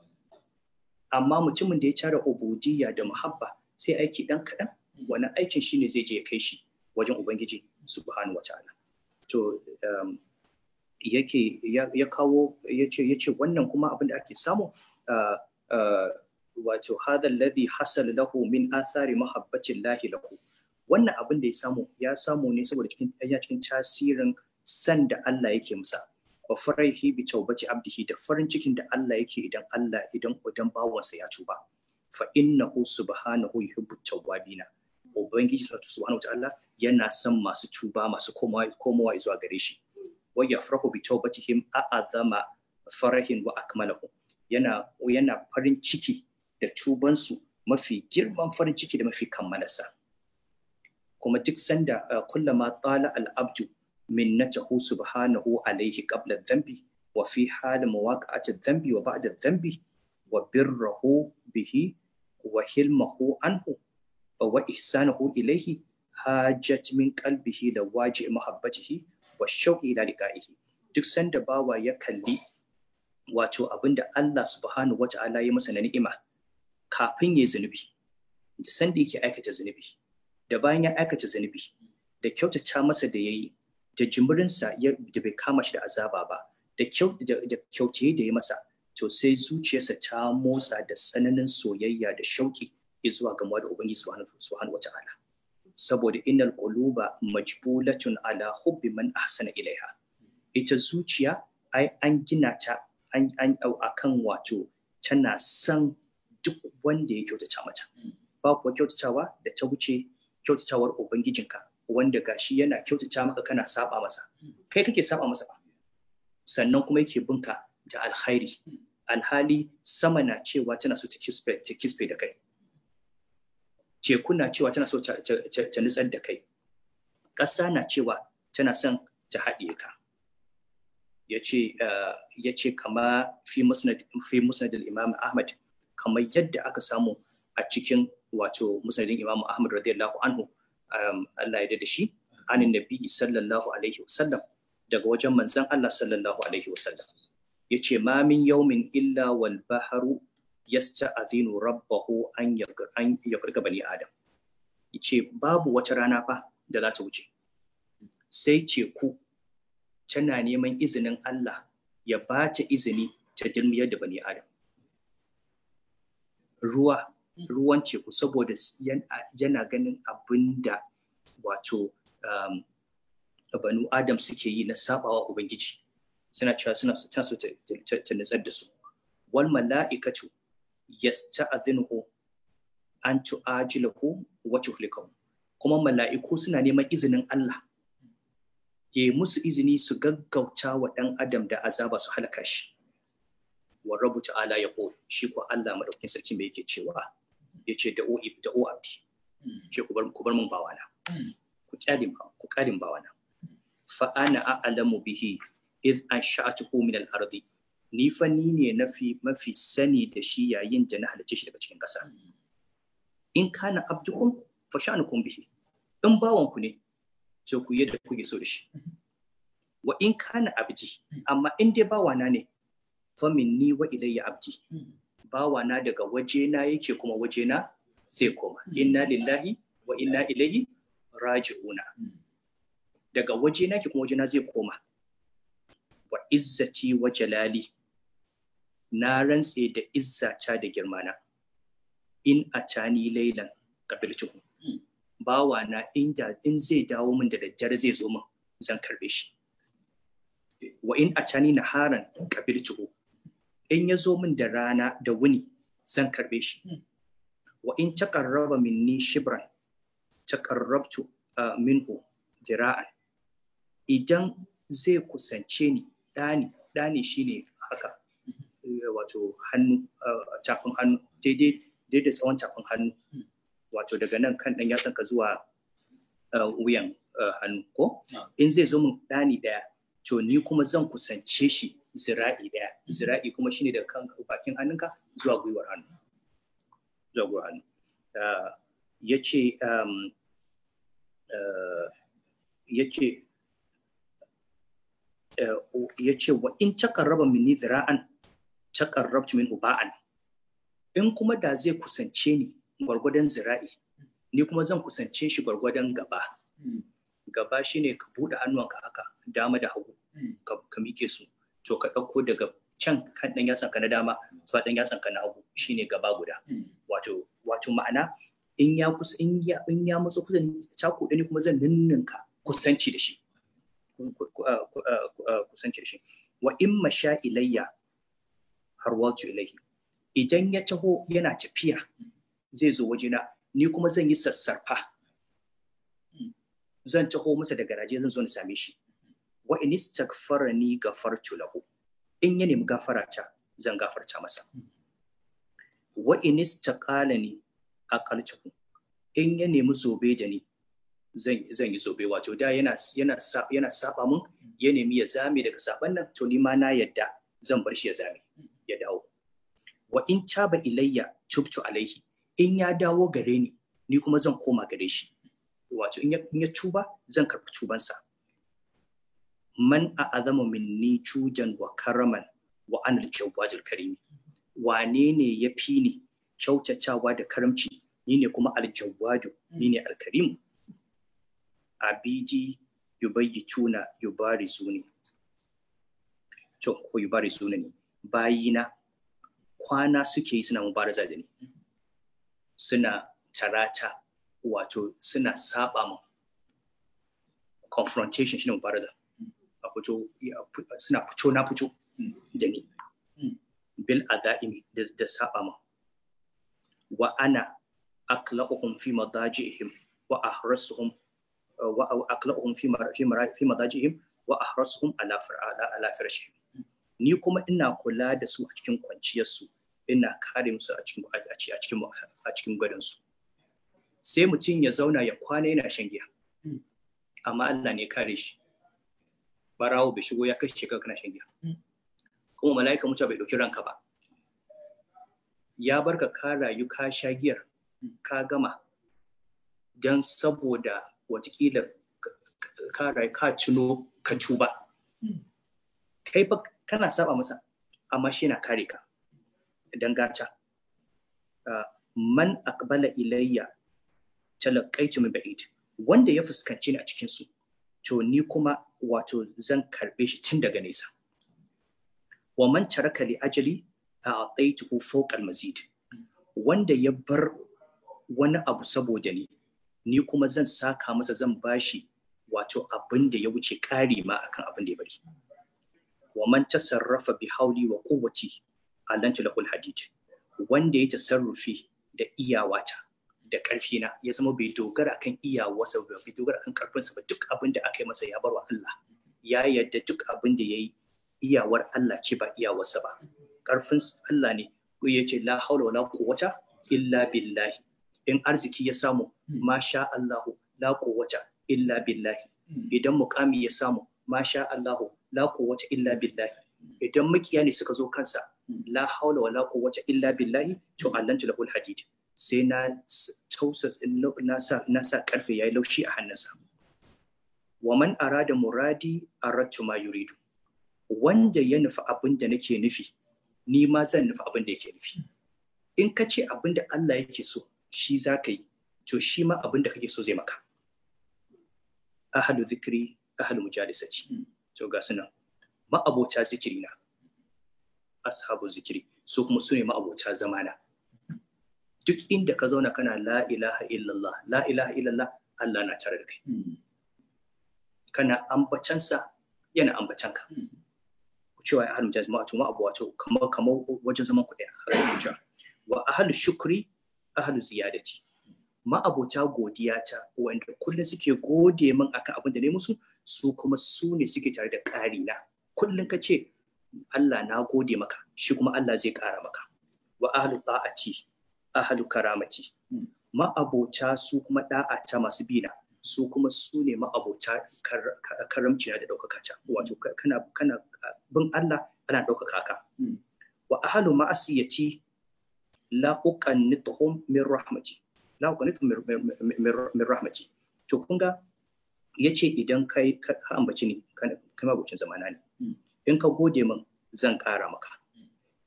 amma mutumin da ya cara ubudiyya da muhabba sai aiki dan kaɗan wannan aikin shine zai je ya kai shi wajen ubangiji subhanahu wataala to um, yake ya kawo ya ce wannan kuma abin da ake samu uh, uh, wato hadha alladhi hasal lahu min athari mahabbati llahi lahu wannan abin da ya samu ya samu ne saboda cikin cikin tasirin san da Allah yake musa wa faraihi bi taubati abdihi da farin cikin da Allah yake idan Allah idan idan bawansa ya tuba fa innahu subhanahu yuhibbu tawwabina ubangiji subhanahu ta'ala yana son masu tuba masu komawa komawa zuwa gare shi wa yafrahu bi tawbatihim azama farahin wa akmalahu yana yana farin ciki da tubansu mafi girman farin ciki da mafi kammalarsa kuma duk sanda uh, kullama tala al-abdu minnatahu subhanahu alaihi qabla dhanbi wa fi hal muwaqa'ati dhanbi wa ba'da dhanbi wa birrahu bihi wa hilmahu anhu wa ihsanahu ilaihi hajjat min qalbihi da waji mahabbatihi wa shauqi ila liqa'ihi duk sanda bawa ya kalli wato abinda Allah subhanahu Ta'ala ya masa na ni'ima kafin ya zunubi da sanda yake aikata zunubi da bayan ya aikata zunubi da kyautata masa da yayi da jimirinsa da bai kama shi da azaba ba da kyauta da ya masa to sai zuciyarsa ta motsa da tsananin soyayya da shauki zuwa gamuwa da ubangiji subhanahu ala. saboda innal quluba majbulatun ala hubbi man ahsana ilaiha ita zuciya ai an gina ta an an akan wato tana san duk wanda ya kyautata mata ba kuwa kyautatawa da ta wuce kyautatawar ubangijinka wanda gashi yana kyautata maka kana saba masa kai kake saba masa ba sannan kuma yake binka da alkhairi alhali sama na cewa tana so ta kispe da kai teku na cewa tana so ta nutsar da kai ƙasa na cewa tana son ta haɗiye ka eh, ya ce kama fi musnad imam ahmad kamar yadda aka samu a cikin wato musnadin imam ahmad radiyallahu anhu Um, Allah ya da shi anin nabi sallallahu alaihi wasallam daga wajen manzon Allah sallallahu alaihi wasallam yace ma min yawmin illa wal baharu yasta'dhinu rabbahu an an bani adam yace babu wata rana fa da za ta wuce sai teku tana neman izinin Allah ya ba ta izini ta jirmiyar da bani adam ruwa ruwan teku saboda yana ganin abin da wato um, banu adam suke yi na sabawa ubangiji suna cewa suna so ta nutsar da su wal mala'ikatu yasta'dhinuhu an tu'ajilahu wa tuhlikahu kuma mala'iku suna neman izinin Allah ya musu izini su gaggauta wa ɗan adam da azaba su halaka shi wa rabu ta'ala ya shi ko Allah madaukakin sarki me yake cewa ya ce da o'i da o'abdi ce hmm. ku bar ku bar mun bawana hmm. ku kyalin ba ku kalin bawana fa ana a'lamu bihi id ansha'tuhu min al-ardi ni fa ni ne nafi mafi sani da shi yayin da na halicce shi daga cikin ƙasa hmm. in kana abdukum fa sha'nukum bihi in bawon ku ne to ku yadda kuke so da shi wa in kana abdi amma in dai bawana ne fa minni wa ilayya abdi bawana daga wajena yake kuma wajena sai koma hmm. inna lillahi wa inna ilaihi raji'una hmm. daga wajena yake kuma wajena zai koma wa izzati wa jalali na rantse da ta da girmana in a cani lailan kabilciku hmm. bawa na inda in zai dawo min da daddare zai zo min zan karbe shi wa in a cani na haran kabilciku in ya zo min da rana da wuni zan karbe shi hmm. wa in taqarraba minni shibran taqarrabtu ah, minhu dira'an idan zai kusance ni dani dani shine haka eh, wato hannu ah, tafin hannu daidai daidai tsawon tafin hannu hmm. wato daga nan kan dan ka zuwa ah, wuyan hannu ko in zai zo min dani daya to ni kuma zan kusance shi zira'i daya zira'i kuma shine da kan bakin hannunka zuwa gwiwar hannu zuwa gwiwar hannu ah, ya ce um, ah, ya ce eh, ya ce wa in takarraba minni zira'an takarrabtu min uba'an in kuma da zai kusance ni gwargwadon zira'i ni kuma zan kusance shi gwargwadon gaba hmm. gaba shine ka buɗe hannuwanka haka dama da hagu hmm. ka mike su to ka ɗauko daga can kan ɗan yatsan ka na dama zuwa ɗan yatsan ka na hagu shine gaba guda hmm. wato ma'ana in ya kusa in ya in ya ni kuma zan ninninka kusanci da shi ah, ah, ah, kusanci da shi wa in masha ilayya wato ilayhi idan ya taho yana tafiya zai zo wajena ni kuma zan yi sassarfa hmm. zan taho masa da garaje zan zo na same shi wa in ni ghafartu lahu in ya nemi gafara ta zan gafarta masa wa in ni aqalchu in ya nemi zobe da ni zan zan yi zobe wato da yana yana yana saba mun ya nemi ya zame daga saban nan to ni ma na yadda zan bar shi ya zame ya dawo wa in taba ilayya tubtu alaihi in ya dawo gare ni ni kuma zan koma gare shi wato in ya tuba zan karɓi tubansa man a azama minni cujan wa karaman wa anil jawajul karimi wane ne ya fi ni kyautatawa da karamci ni ne kuma aljawwaju ni ne alkarimu abiji yubari Suni. to ko Suni ne bayina kwana suke yi suna mubaraza da ni suna tarata wato suna saba mu confrontation shine mubaraza fito suna fito na fito mm, da ni mm, bil ada'imi da saba ma wa ana akla'uhum fi madajihim wa ahrasuhum wa akla'uhum fi fi madajihim wa ahrasuhum ala ala firashi ni kuma ina kula da su a cikin kwanciyarsu ina kare musu a cikin a cikin su sai mutum ya zauna ya kwana yana shan giya mm. amma Allah ne kare shi barawo bai shigo ya kashe ka kana shan giya mm. kuma mala'ika mutuwa bai dauki ranka ba ya barka ka rayu ka sha giyar mm. ka gama don saboda watakila ka rayu ka cino ka tuba mm. kai fa kana saba masa amma shi na kare ka don gata ah, man akbala ilayya talakaitu min ba'id wanda ya fuskanci ni a cikin su to ni kuma wato zan karbe shi tun daga nesa wa man taraka li ajali a'taytuhu fawqa al-mazid wanda ya bar wani abu saboda ni ni kuma zan saka masa zan bashi wato abin da ya wuce ƙari ma akan abin da ya bari wa man tasarrafa bi hauli wa kowace alantu lahul hadid wanda ya tasarrufi da iyawata da ƙarfi na ya zama bai dogara akan iyawarsa ba bai dogara akan karfinsa ba duk abin da aka yi masa ya barwa Allah ya yarda duk abin da yayi iyawar Allah ce ba iyawarsa ba karfin Allah ne ko ya ce la haula wala quwwata illa billahi in arziki ya samu masha Allahu la quwwata illa billahi idan mukami ya samu masha Allahu la quwwata illa billahi idan makiya ne suka zo kansa la haula wala quwwata illa billahi to Allah lahul hadid sai na na sa karfe ya yi laushi a hannunsa wa man da muradi aradtu ma yuridu wanda ya nufi abin da nake nufi ni ma zan nufi abin da yake nufi in ka ce abin da Allah yake so shi za ka yi to shi ma abin da kake so zai maka ahalu zikiri ahalu mujalisati to ga suna ma'abota zikirina, na ashabu zikiri su kuma su ne ma'abota zamana duk inda ka zauna kana la ilaha illallah la ilaha illallah Allah na tare da kai hmm. kana ambacansa yana ambacanka hmm. cewa ahlul jama'a tuma abu wato kamar kamar wajen zaman ku daya wa ahlul shukri ahlul ziyadati ma abota godiya ta wanda kullum suke gode min akan abin da ne musu su kuma su ne suke tare da ƙari na kullum ka ce Allah na gode maka shi kuma Allah zai ƙara maka wa ahlul ta'ati ahalu karamati hmm. ma'abota su kuma da'a ta masu bina su kuma su ne ma'abota karamci na da ɗaukaka ta hmm. wato kana kana bin Allah ana ɗaukaka ka hmm. wa ahalu ma'asiyati la uqannituhum min rahmati la uqannituhum min rahmati to kun ga yace idan kai ka ambaci ne kai mabocin zamana ne in ka gode min zan ƙara maka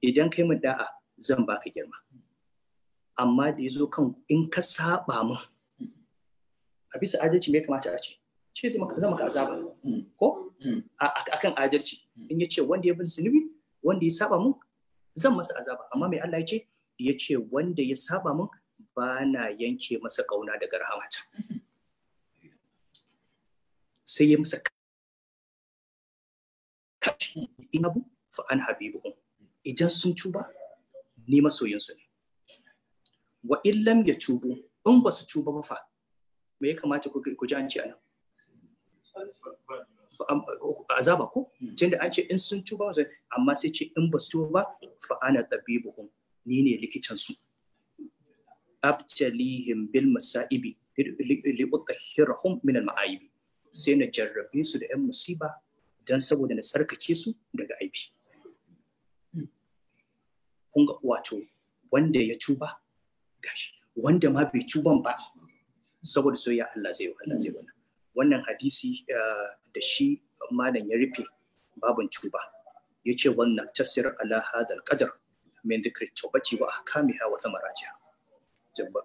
idan kai min da'a zan baka girma amma da ya zo kan in ka saba mun a bisa adalci me kamata a ce ce zai maka zama ka azaba ko mm. kan adalci mm. in ya ce wanda ya bin zunubi wanda ya saba mun zan masa azaba amma mai Allah ya ce ya ce wanda ya saba mun ba na yanke masa kauna daga rahamata sai ya masa kashi mm. in abu fa an idan sun cuba ni masoyinsu ne wa illam ya cubu in ba su cuba ba fa me ya kamata ku ji an ce anan azaba ko tunda an ce in sun cuba sai, amma sai ce in ba su cuba ba fa ana tabibuhum ni ne likitan su abtalihim bil masaibi li utahhirhum min al ma'aibi sai na jarrabe su da 'yan musiba don saboda na tsarkake su daga aibi. Kun ga wato wanda ya cuba gashi wanda ma bai ban ba saboda soyayya Allah zai Allah zai wannan wannan hadisi eh, da shi malam ya rufe babin tuba ya ce wannan tasir ala hadal qadar min dhikri tawbati wa ahkamiha wa thamaratiha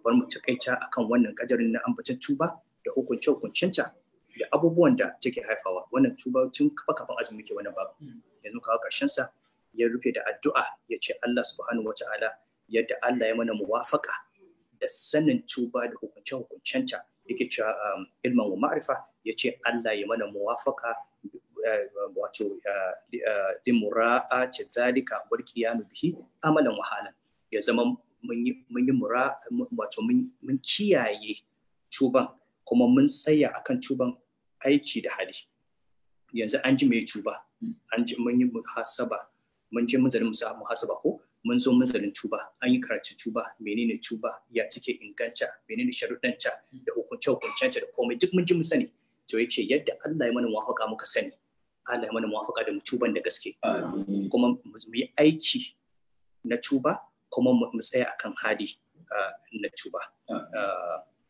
bar mu takaita akan wannan kadarin na ambacin tuba da hukunce hukuncinta da abubuwan da take haifawa wannan tuba tun kafa kafan azumi ke wannan babu hmm. yanzu kawo karshen sa ya rufe da addu'a ya ce Allah subhanahu wata'ala yadda Allah ya mana muwafaka da sanin tuba da hukunce-hukuncenta yake cewa um, ilman wa ma'arifa ya ce Allah ya mana muwafaka eh, wato ce eh, eh, zalika wal qiyam bihi amalan wahalan ya zama mun yi mura wato mun kiyaye tuban kuma mun tsaya akan tuban aiki da hali yanzu an ji mai tuba an ji mun yi muhasaba mun je mun zari muhasaba ko mun zo mazalin cuba an yi karatu cuba menene cuba ya cike inganta menene sharuɗanta da hukunce hukuncenta da komai duk mun ji mun sani to yace yadda Allah ya mana muwafaka muka sani Allah ya mana muwafaka da cuban da gaske kuma mu yi aiki na cuba kuma mu tsaya akan hadi na cuba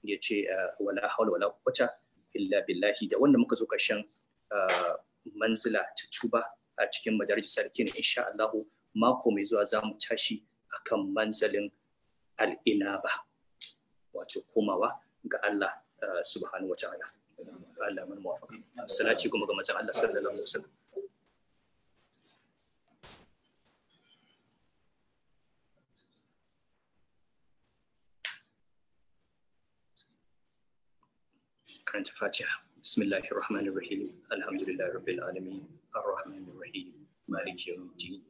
yace wala hawla wala quwwata illa billahi da wanda muka zo karshen manzila ta cuba a cikin majalisar sarkin insha Allah mako mai zuwa za mu tashi a kan manzalin al'inaba wato komawa ga Allah uh, subhanahu wa ta'ala Allah mai muwafaka salati kuma ga manzon Allah sallallahu alaihi wasallam karanta fatiha الرحيم الحمد لله رب العالمين الرحمن الرحيم مالك يوم الدين